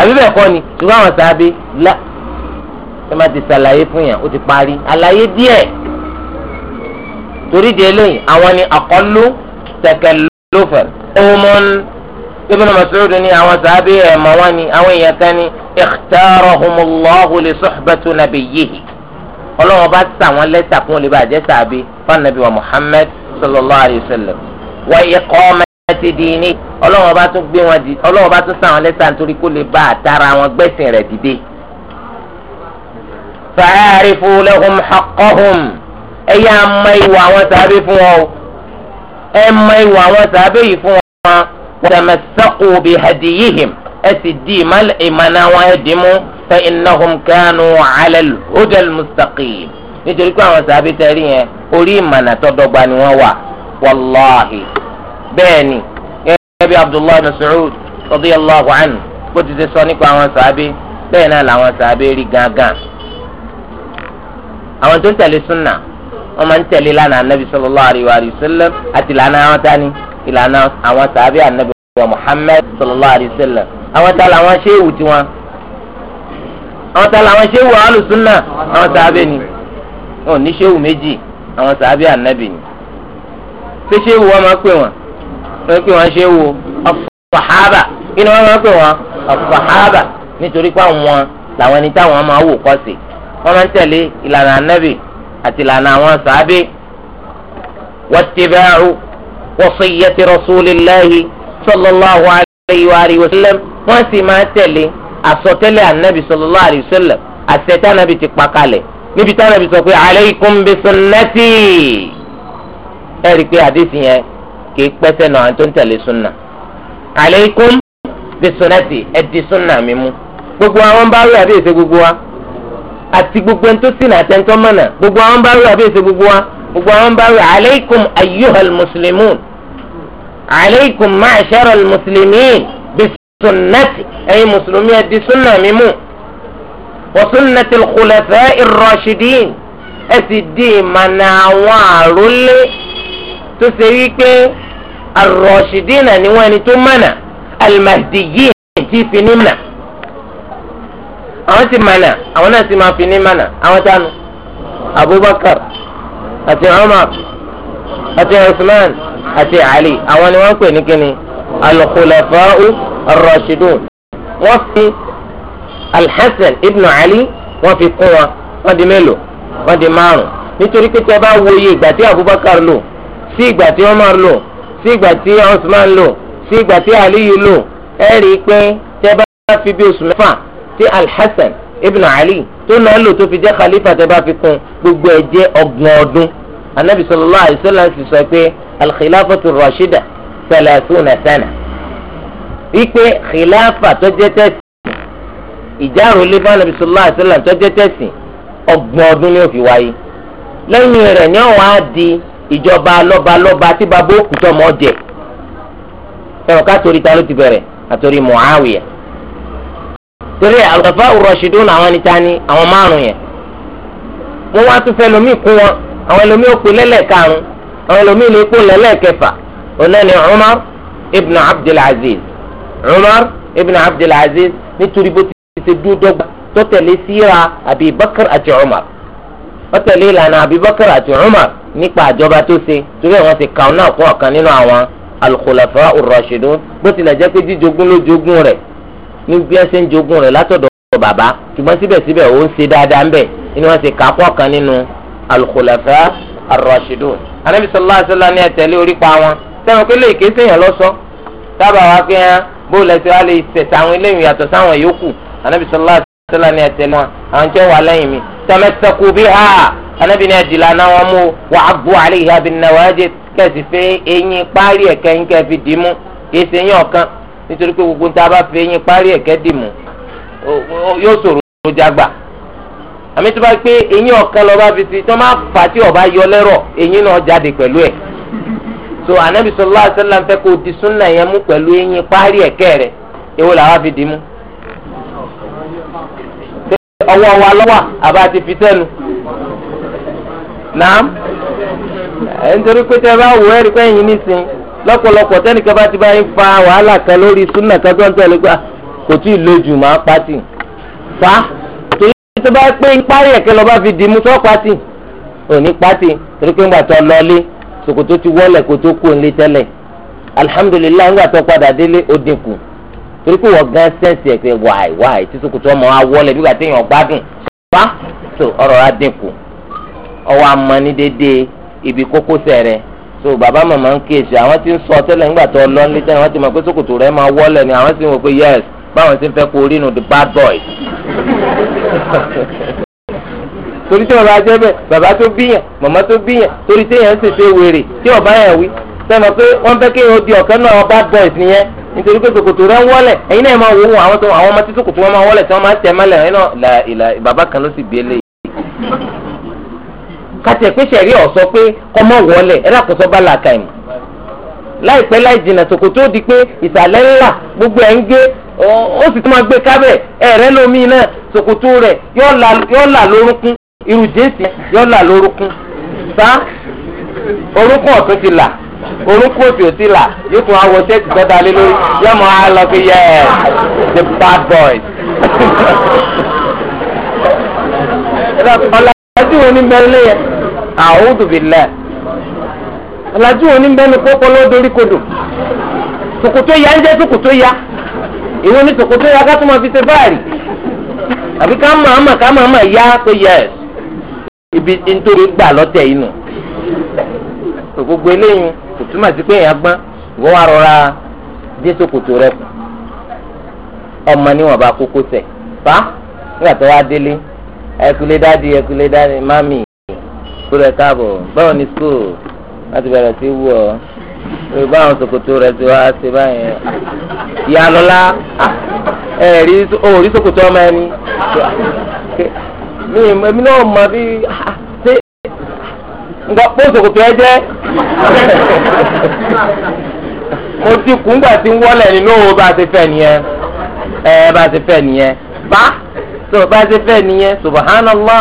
àbí bẹ́ẹ̀ kọ́ ni ṣùgbọ́n àwọn sábẹ́ la ẹ má ti ṣàlàyé fún yàn ó ti parí àlàyé díẹ̀ torí di eléyìí àwọn ni àkọlù tẹkẹlófẹ ọmọn Ibn Mas'ud ni àwọn sábẹ́ ẹ̀ mọ̀ wọ́n ni àwọn èèyàn kan ni ikhtarahumullahu li suhbati nabiyyihi ọlọ́wọ́n bá sàwọn lẹ́tà kún olè sábẹ́ fún anabi wa Muhammad sallallahu alayhi wa sallam wọ́n yẹ kọ́ ọmọ ti di ní ọlọ́wọ́n bá tún gbé wọn dìde ọlọ́wọ́n bá tún sàn wọn lẹ́sà nítorí kó lè bá àtàrà wọn gbẹ̀sìn rẹ̀ dìde. fa'arifu lahum haqqahum ẹ yá mọ ìwà àwọn sàbẹ̀ fún wọn o ẹ mọ ìwà àwọn sàbẹ̀ yìí fún wọn tamassaqu bi hadiyihim ẹ sì di ìmọ̀nà wọn ẹ dì mú fa innahum kanu ala al-huda al nítorí pé àwọn sàbẹ̀ tẹ̀rí yẹn orí ìmọ̀nà tó wàláhì bẹ́ẹ̀ ni gẹ́gẹ́ bí abdullahi bin saud radiyallahu anhu bó ti ṣe sọ nípa àwọn sàábé bẹ́ẹ̀ náà làwọn sàábé rí gángan. àwọn tó ń tẹ̀lé súnà wọ́n máa ń tẹ̀lé lánàá anabi sallallahu alayhi wa sallam àti ìlànà àwọn tani ìlànà àwọn sàábé anabi wa muhammed sallallahu alayhi wa sallam àwọn tá làwọn ṣéwù tiwọn àwọn tá làwọn ṣéwù alùsùnà àwọn sàábé ni ò ní ṣéwù méjì àwọn sàábé anabi ni ṣé ṣé wo wọn máa pè wọn wọn pè wọn ṣé wo afahaba kí ni wọn máa pè wọn afahaba nítorí pé àwọn làwọn ẹni táwọn máa wò kọ́ sí wọn máa ń tẹ̀lé ìlànà anábì àti ìlànà àwọn sàábì wàtìbẹ́rù wọ́sọ̀yẹ́tì rasulillahi sallallahu alayhi wa alihi wa sallam wọ́n sì máa tẹ̀lé àsọtẹ́lẹ̀ anábì sallallahu alayhi wa sallam àṣẹ tánábì ti pa kalẹ̀ níbi tánábì sọ pé alaykum bi sunnati ẹ rí i pé àdéhùn yẹn kìí pẹ́sẹ́ náà àwọn tó ń tẹ̀lé súnà. alaykum bí sunnati ẹ di súnà mi mú. gbogbo àwọn bá rí àbí èsè gbogbo wa àti gbogbo ẹni tó sìn àti ẹni tó mọ̀nà gbogbo àwọn bá rí àbí èsè gbogbo wa gbogbo àwọn bá rí alaykum ayyuhal muslimun alaykum ma'sharal muslimin bí sunnati ẹ̀yin mùsùlùmí tó ṣe wípé arọ̀ṣìdínà ni wọ́n ẹni tó mànà alimahdiyin ti fi ní mànà àwọn ti mànà àwọn náà ti máa fi ní mànà àwọn tánu abubakar àti umar àti usman àti ali àwọn ni wọ́n ń pè ní kíni alukulafaru arọ̀ṣìdún wọ́n fi alhassan ibn ali wọ́n fi kún wọn wọ́n di mélòó wọ́n di márùn nítorí pé tí a bá wo iye ìgbà tí abubakar lò sí ìgbà tí Umar lò sí ìgbà tí Usman lò sí ìgbà tí Aliyu lò ẹ rí i pé tẹ́ bá fi bí oṣù mẹ́fà tí Al-Hasan ibn Ali tó náà lò tó fi jẹ́ khalifa tẹ́ bá fi kún gbogbo ẹ̀ jẹ́ ọgbọ̀n ọdún anabi sallallahu alayhi wa sallam sọ pé alkhilafatu rashida salasuna sana wípé khilafa tọjẹ tẹsí ìjárò lé anabi sallallahu alayhi wa sallam tọjẹ tẹsí ọgbọ̀n ọdún ni ó fi wáyé lẹ́yìn rẹ̀ ni ó wá di ìjọba lọ́ba lọ́ba tí bàbá òkú tọmọ jẹ ẹ̀rọ ká torí ta ló ti bẹ̀rẹ̀ àtòrí Muawiya torí àlùfáà ar-Rashidun àwọn ẹni tani àwọn márùn yẹn wọn wá tún fẹ́ lomi kún wọn àwọn ẹlòmíì òkú lẹ́lẹ́karùn àwọn ẹlòmíì lè lẹ́lẹ́kẹfà onáni Umar ibn Abdul Aziz Umar ibn Abdul Aziz nítorí bó ti ṣe dúdọ́gba tó tẹ̀lé síra Abi Bakr àti Umar wọ́n tẹ̀lé ìlànà Abubakar àti Umar nípa àjọba tó ṣe torí àwọn ti kàún náà kún ọ̀kan nínú àwọn al-khulafa ur-rashidun bó tilẹ̀ jẹ́ pé jíjogún ló jogún rẹ̀ ní bí ẹ ṣe ń jogún rẹ̀ látọ̀dọ̀ bàbá ṣùgbọ́n síbẹ̀síbẹ̀ ó ń ṣe dáadáa ń bẹ̀ ni wọ́n ti kàkún ọ̀kan nínú al-khulafa sọlá ni ẹtẹ náà àwọn jẹ́ wà lẹ́yìn mi tẹmẹtẹkù bí ha anabi ni ẹdìlá náà wọn mú wà á bu àlẹ ìhà bí nà wàá jẹ kẹsì fẹ eyín parí ẹkẹ yín kẹfì dì mú kìí ṣe yín ọ̀kan nítorí pé gbogbo níta bá fẹ eyín parí ẹkẹ dì yóò ṣòro lójà gbà àmì tó bá pé eyín ọ̀kan lọ bá fi si tó máa fà tí ọba yọ lẹ́rọ̀ eyín náà jáde pẹ̀lú ẹ̀ so anabi sọlá sọlá fẹ kó di súnà yẹn mú pẹ̀lú eyín parí ẹkẹ rẹ èwo làwọn fi dì ọwọ́ wa lọ́wọ́ àbá ti fi sẹ́nu. nàám ẹ̀ ń torí pé tẹ́ bá wò ẹ́ rí pé ẹ̀yin nísìn lọ́pọ̀lọpọ̀ tẹ́nìkan bá ti bá yín fa wàhálà kan lórí súnà kájọ́ ń tẹ̀lé gbà kò tí ì lójú màá pátì. fa torí tó bá pé ń parí ẹ̀kẹ́ lọ́ba fi dì mú sọ́ pátì òní pátì torí pé ńgbà tó lọlé ṣòkòtò ti wọlé kó tó kú òǹlé tẹ́lẹ̀ alihamudulilayi ńgbà tó padà délé ó dínkù torí pé wọ́n gan sẹ́ǹsì ẹ̀ pé wáì wáì títí kùtù ọmọ wa wọlé bí gbàtẹ́ èèyàn gbádùn wá tó ọ̀rọ̀ wa dínkù ọwọ́ àmọ́ ní déédéé ibi kókósẹ̀ rẹ̀ so bàbá màmá ń kíyèsí àwọn tí ń sọ tẹ́lẹ̀ ńgbà tó lọ nílé tẹ́lẹ̀ wọ́n ti mọ̀ pé sòkòtò rẹ̀ máa wọlé ni àwọn sì ń wò pé yes báwọn sì ń fẹ́ kó rí nu the bad boy. torí tí bàbá jẹ́ bẹ́ẹ̀ bàbá tó bíyàn màmá tó bíyàn torí téèyàn ń ṣèṣe wèrè tí ọ̀bá yẹn wí sẹ́nu pé wọ́n fẹ́ kéèyàn di ọ̀kan náà bad boys nìyẹn nítorí pé kòkòtò rẹ̀ ń eyi na náà máa wò ó àwọn tó àwọn ọmọ títí kòkòtò wọn máa wọlẹ̀ tí wọ́n máa tẹ̀ mọ́lẹ̀ ẹ̀yin náà là ìlà bàbá kan ló sì bí eléyìí. kàtẹ́ pé sẹ̀rí ọ̀ sọ pé kọ́mọ wọlé ẹ̀ lákòóso bá làákà ẹ̀ láìpẹ́ láì di pé ìsàlẹ̀ gbogbo ẹ̀ ń gé ó sì tún máa gbé kábẹ̀ ẹ̀rẹ́ lomi náà rẹ̀ orúkú òsì òsì là yóò tún awọ ṣẹ́ẹ̀tì sọ́dà lé lórí yóò mọ fi yẹ the bad boy. ọ̀làjú wo ni mẹ́lẹ́ yẹ àwùjọ bí lẹ̀ ọ̀làjú wo ni mẹ́lẹ́ kókó lọ́dọ̀rí kodò tòkòtò ya ń jẹ́ tòkòtò ya ìwọ ni tòkòtò ya ká máa fi ṣe báàrì àbí ká màmá ká ya pé yẹs ibi nítorí gbà lọ́tẹ̀ yìí nù gbogbo eléyìí. kò túmọ̀ sí pé èèyàn gbọ́n ìwọ́n wá rọra dé sókòtò rẹ kù ọmọ níwọ̀n bá kókó sẹ̀ fa nígbà tó wá délé ẹ̀kúlé dáàdi ẹ̀kúlé dáàdi mami kúrẹ́ káàbọ̀ báwo ni skul láti bẹ̀rẹ̀ sí wú ọ pé báwọn sòkòtò rẹ ti wá ṣe báyẹn ìyá lọ́lá ẹ̀rí òòrí sòkòtò ọmọ ẹni mi náà mọ bí nǹkan pé òṣòkòtò ẹ jẹ́ mo ti kú ngbà tí ń wọlé nínú owó bá a ti fẹ́ nìyẹn ẹ bá a ti fẹ́ nìyẹn bá tó bá a ti fẹ́ nìyẹn subhanallah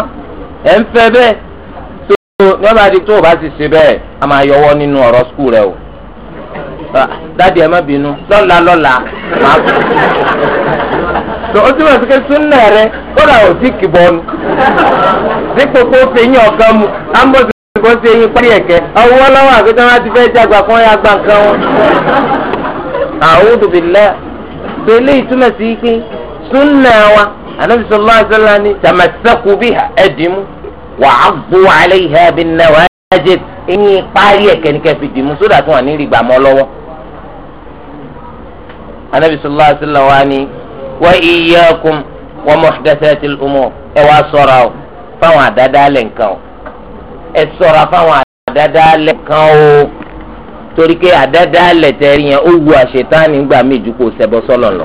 ẹ ń fẹ́ bẹ́ẹ̀ tó ní ọba di tó o bá ti ṣe bẹ́ẹ̀ a máa yọwọ́ nínú ọ̀rọ̀ skul rẹ o ah, dádì ẹ má bínú lọ́la lọ́la máa kú tó o túbọ̀ sí pé súnà rẹ kódà ò sí kìbọnù dípò kó o fi yín ọ̀kan mu kò ṣe yín pẹ́ẹ́lí ẹ̀kẹ́ ọwọ́ lọ́wọ́ àgbẹ̀tẹ́ wọn ti fẹ́ jágba fún ya gba nǹkan wọn. a'udhu billah tẹ̀lé ìtumọ̀ sí pé súnà wa anabi sallallahu alaihi wasallam ni tamassaku biha ẹ̀dìmú wa 'addu 'alayha bin nawajid ẹ̀yìn parí ẹ̀kẹ́ ní kẹfì dìmú sódà tó wà ní ìrìgbà mọ́ lọ́wọ́. anabi sallallahu wa ni wa ẹ sọra fáwọn àdádálẹ̀ kan o torí pé àdádálẹ̀ tẹ̀rí yẹn ó wu àṣetánì gbà mí ju kò ṣẹbọ sọlọ lọ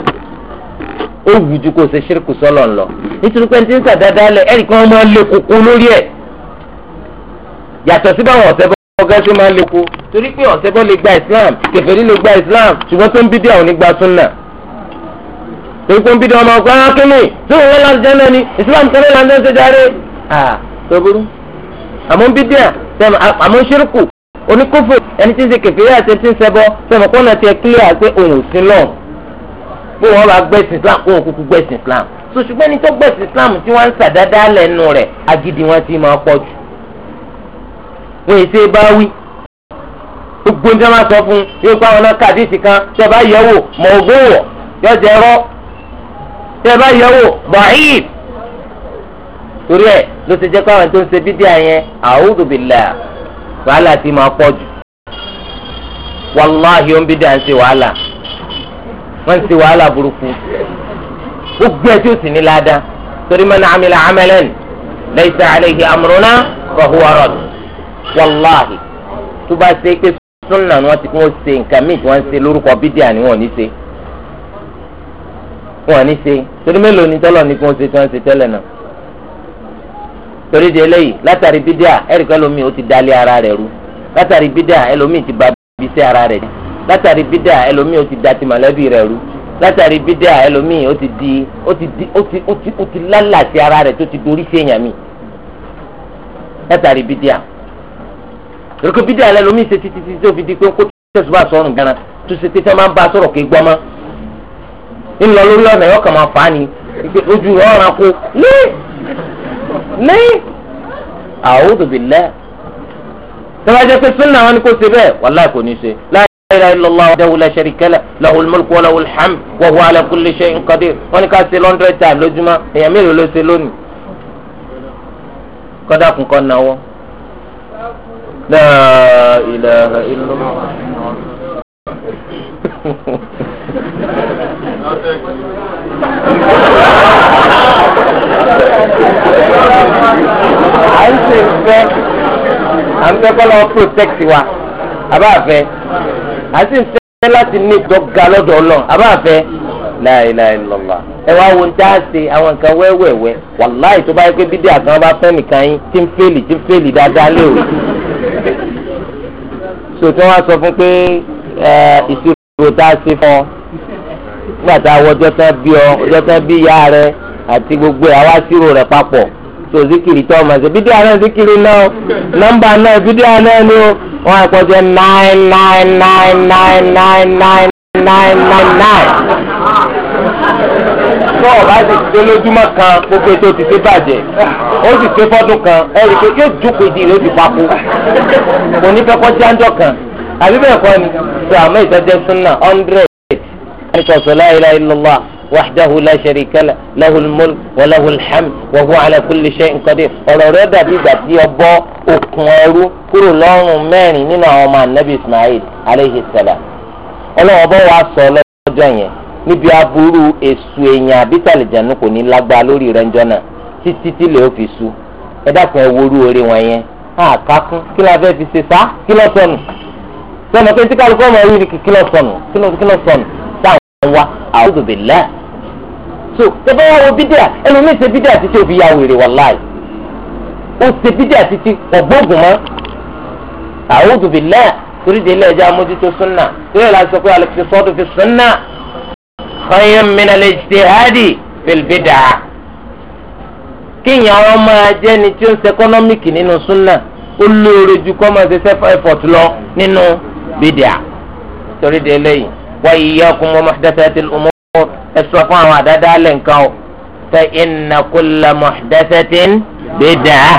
ó wu ju kò ṣe ṣírkù sọlọ lọ nítorí pé tí ń sàdádálẹ̀ ẹ̀rí kan máa lé koko lórí ẹ̀ yàtọ̀ sí báwọn ọ̀ṣẹbọ ọ̀gá máa lé koko torí pé ọ̀ṣẹbọ lè gba Islam kèfèrí lè gba Islam ṣùgbọ́n tó ń bídí àwọn onígbà súnà torí pé ń bídí ọmọ ọgbà kínní tó ń wọ́n láti jẹ́ náà ni Islam kẹ́lẹ́ làǹdẹ́ ń ṣe jáde. à ah, àmọ́ bídíà sẹ́mu àmọ́ ṣírkù oníkófò ẹni tí ń ṣe kẹfìrí àti tí ń ṣẹbọ sẹ́mu kó náà tiẹ̀ kílíà pé òun ò sí lọ pé wọ́n bá gbẹ̀sìn Islam kó òun kúkú gbẹ̀sìn Islam so ṣùgbọ́n ẹni tó gbẹ̀sìn Islam tí wọ́n ń sàdádá lẹ́nu rẹ̀ agídí wọn ti máa pọ̀ jù wọ́n èsè bá wí gbogbo ní wọ́n sọ fún yóò pa àwọn náà kan tẹ́ bá yẹ̀wò mọ̀ ògbówọ̀ yọ̀ọ́ torí ẹ̀ ló ti jẹ́ pé àwọn tó ń ṣe bídíà yẹn a'udhu billah wàhálà ti máa pọ̀ jù wàláhi ó ń bídíà ń ṣe wàhálà wọ́n ń ṣe wàhálà burúkú gbogbo ẹ̀ tí ó sì ní ládàá torí man 'amila 'amalan laysa 'alayhi amruna fa huwa wàláhi tó bá ṣe pé súnà ni ti wọ́n ṣe nǹkan míì tí wọ́n ṣe lórúkọ bídíà ni wọ́n ní ṣe wọ́n ní ṣe torí mélòó ni tọ́lọ̀ ni kí ṣe tí wọ́n ṣe tẹ́lẹ̀ náà torí di eléyìí látàrí bídíà ẹ̀ríkọ́ ẹlòmíì ó ti dalẹ̀ ara rẹ̀ rú látàrí bídíà ẹlòmíì ti ba bisẹ́ ara rẹ̀ látàrí bídíà ẹlòmíì ó ti da ti mọ̀lẹ́bí rẹ̀ rú látàrí bídíà ẹlòmíì ó ti di ó ti di ó ti ó ti ó ti lálàsí ara rẹ̀ tó ti dorí sí èèyàn mi látàrí bídíà èkó bídíà ẹlòmíì ṣe títí títí tó fi di pé kó tẹ̀sùbà sọ̀rùn gan-an tó ṣe pé máa ń bá sọ̀rọ̀ kéé gbọ́mọ́ ńlọ ní a'udhu billah tẹ́wájú pé súnà wọn ni kò ṣe bẹ́ẹ̀ wàláì kò ní ṣe la ilaha illallah wahdahu la sharika lahu lahul mulku wa lahul hamd wa huwa ala kulli shay'in qadir wọn ni ká ṣe lọ́ndrẹ́d tà lójúmọ́ èèyàn mélòó ló ṣe lónìí kọ́dà kún kọ́ náwó. la ilaha illallah. à ń sì fẹ́ à ń fẹ́ kọ́ lọ́wọ́ protect wa àbá fẹ́ à ń sì fẹ́ láti ní ìdọ́gba lọ́dọ̀ ọlọ́run àbá fẹ́ láìláì lọ́la ẹ wá wo dá ṣe àwọn nǹkan wẹ́wẹ́wẹ́ wàláì tó bá yẹ pé bídíà kan bá fẹ́ nìkan yín tí ń fèlì tí ń fèlì dáadáa lé o sòtún wá sọ fún pé ìṣirò tá a ṣe fún ọ nígbà tá a wọ ọjọ́ tán bí ọ ọjọ́ tán bí ìyá rẹ àti gbogbo àwa sírò rẹ̀ papọ̀ tó zikiri tó ọmọ ṣe bídíà náà zikiri náà nọ́mbà náà bídíà náà ni ó wọn àpọ̀ jẹ́ nine nine nine nine nine nine nine nine nine. tó o bá ti ṣe lójúmọ́ kan gbogbo ètò ti ṣe bàjẹ́ ó sì ṣe fọ́dún kan ẹ̀rí pé yóò jókòó ìdí rẹ̀ ó ti papò kò ní fẹ́ kọ́ jáńjọ́ kan àbí bẹ́ẹ̀ kọ́ ni tó àmọ́ ìtọ́jẹ́ súnà hundred ẹni kọ̀ọ̀sọ̀ la ilaha illallah wàhdahu la sharikala lahul mulk wa lahul ham wa huwa ala kulli shay'in qadir ọ̀rọ̀ rẹ̀ dàbí ìgbà tí ó bọ́ okùn ẹrú kúrò lọ́rùn mẹ́rin nínú àwọn ọmọ anabi ismail aleyhi salam ọlọ́wọ́ bọ́ wa sọ lọ́jọ́ yẹn níbi aburú èṣù èèyàn àbítàlẹ̀jẹ̀nu kò ní lágbá lórí rẹ̀ ńjọ́ náà títí tí lè ó fi sú ẹ dákun ẹ worú orí wọn yẹn àkákún kí la fẹ́ fi ṣe sá kí lọ sọnù sọnù pé tí kálukọ́ ọmọ rí ni kí lọ sọnù kí lọ sọnù táwọn wá àwọn òbí lẹ́ẹ̀ so tẹ́fẹ́ wá wo bídíà ẹlòmíì ṣe bídíà títí ó fi ya wèrè wàláì o se bídíà títí ọ̀gbọ́gùn mọ́ a'udhu billah torí de ilé ẹja mójútó súnà torí ẹ̀ la sọ pé al-iqtisadu fi súnà khayrun min al-ijtihadi fil bid'ah kínyàn wọn máa jẹ́ ni tí ó ń ṣe ẹkọ́nọ́mìkì nínú súnà ó lóore ju kọ́ máa ṣe self effort lọ nínú bídíà torí de ilé yìí wa iyyakum wa muhdathatil umur ẹ sọ fún àwọn àdáda alẹ nǹkan o fa inna kulla muhdathatin bid'ah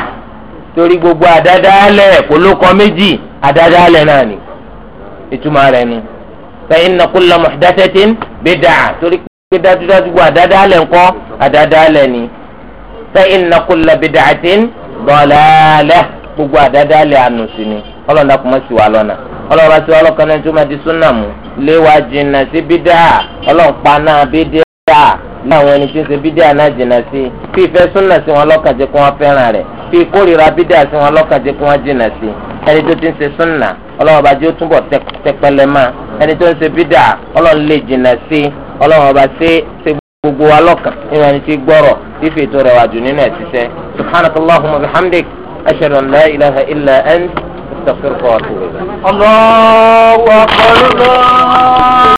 torí gbogbo àdáda alẹ kò ló kọ méjì àdáda alẹ náà ni ìtumọ̀ rẹ̀ nu fa inna kulla muhdathatin bid'ah torí pé dájúdájú gbogbo àdáda alẹ ńkọ́ àdáda alẹ ni fa inna kulla bid'atin dalalah gbogbo àdáda alẹ ànú sí ni ọlọ́dà kò mọ̀ sí wa lọ́nà ọlọ́ba tí ọlọ́kan náà tó máa di súnà mú léwà jìnnà sí bídà ọlọ́ọ̀pá náà bídà láwọn ẹni tí ń ṣe bídà náà jìnnà sí fi ìfẹ́ súnà sí wọn lọ́kàn jẹ́ kí wọ́n fẹ́ràn rẹ̀ fi ìkórìíra bídà sí wọn lọ́kàn jẹ́ kí wọ́n jìnnà sí ẹni tó ti ń ṣe súnà ọlọ́ọ̀ba tí ó túbọ̀ tẹpẹlẹ mọ́ ẹni tó ń ṣe bídà ọlọ́ọ̀ lè jìnnà sí ọlọ́ọ̀ba ṣe أستغفرك وأتوب إليك الله أكبر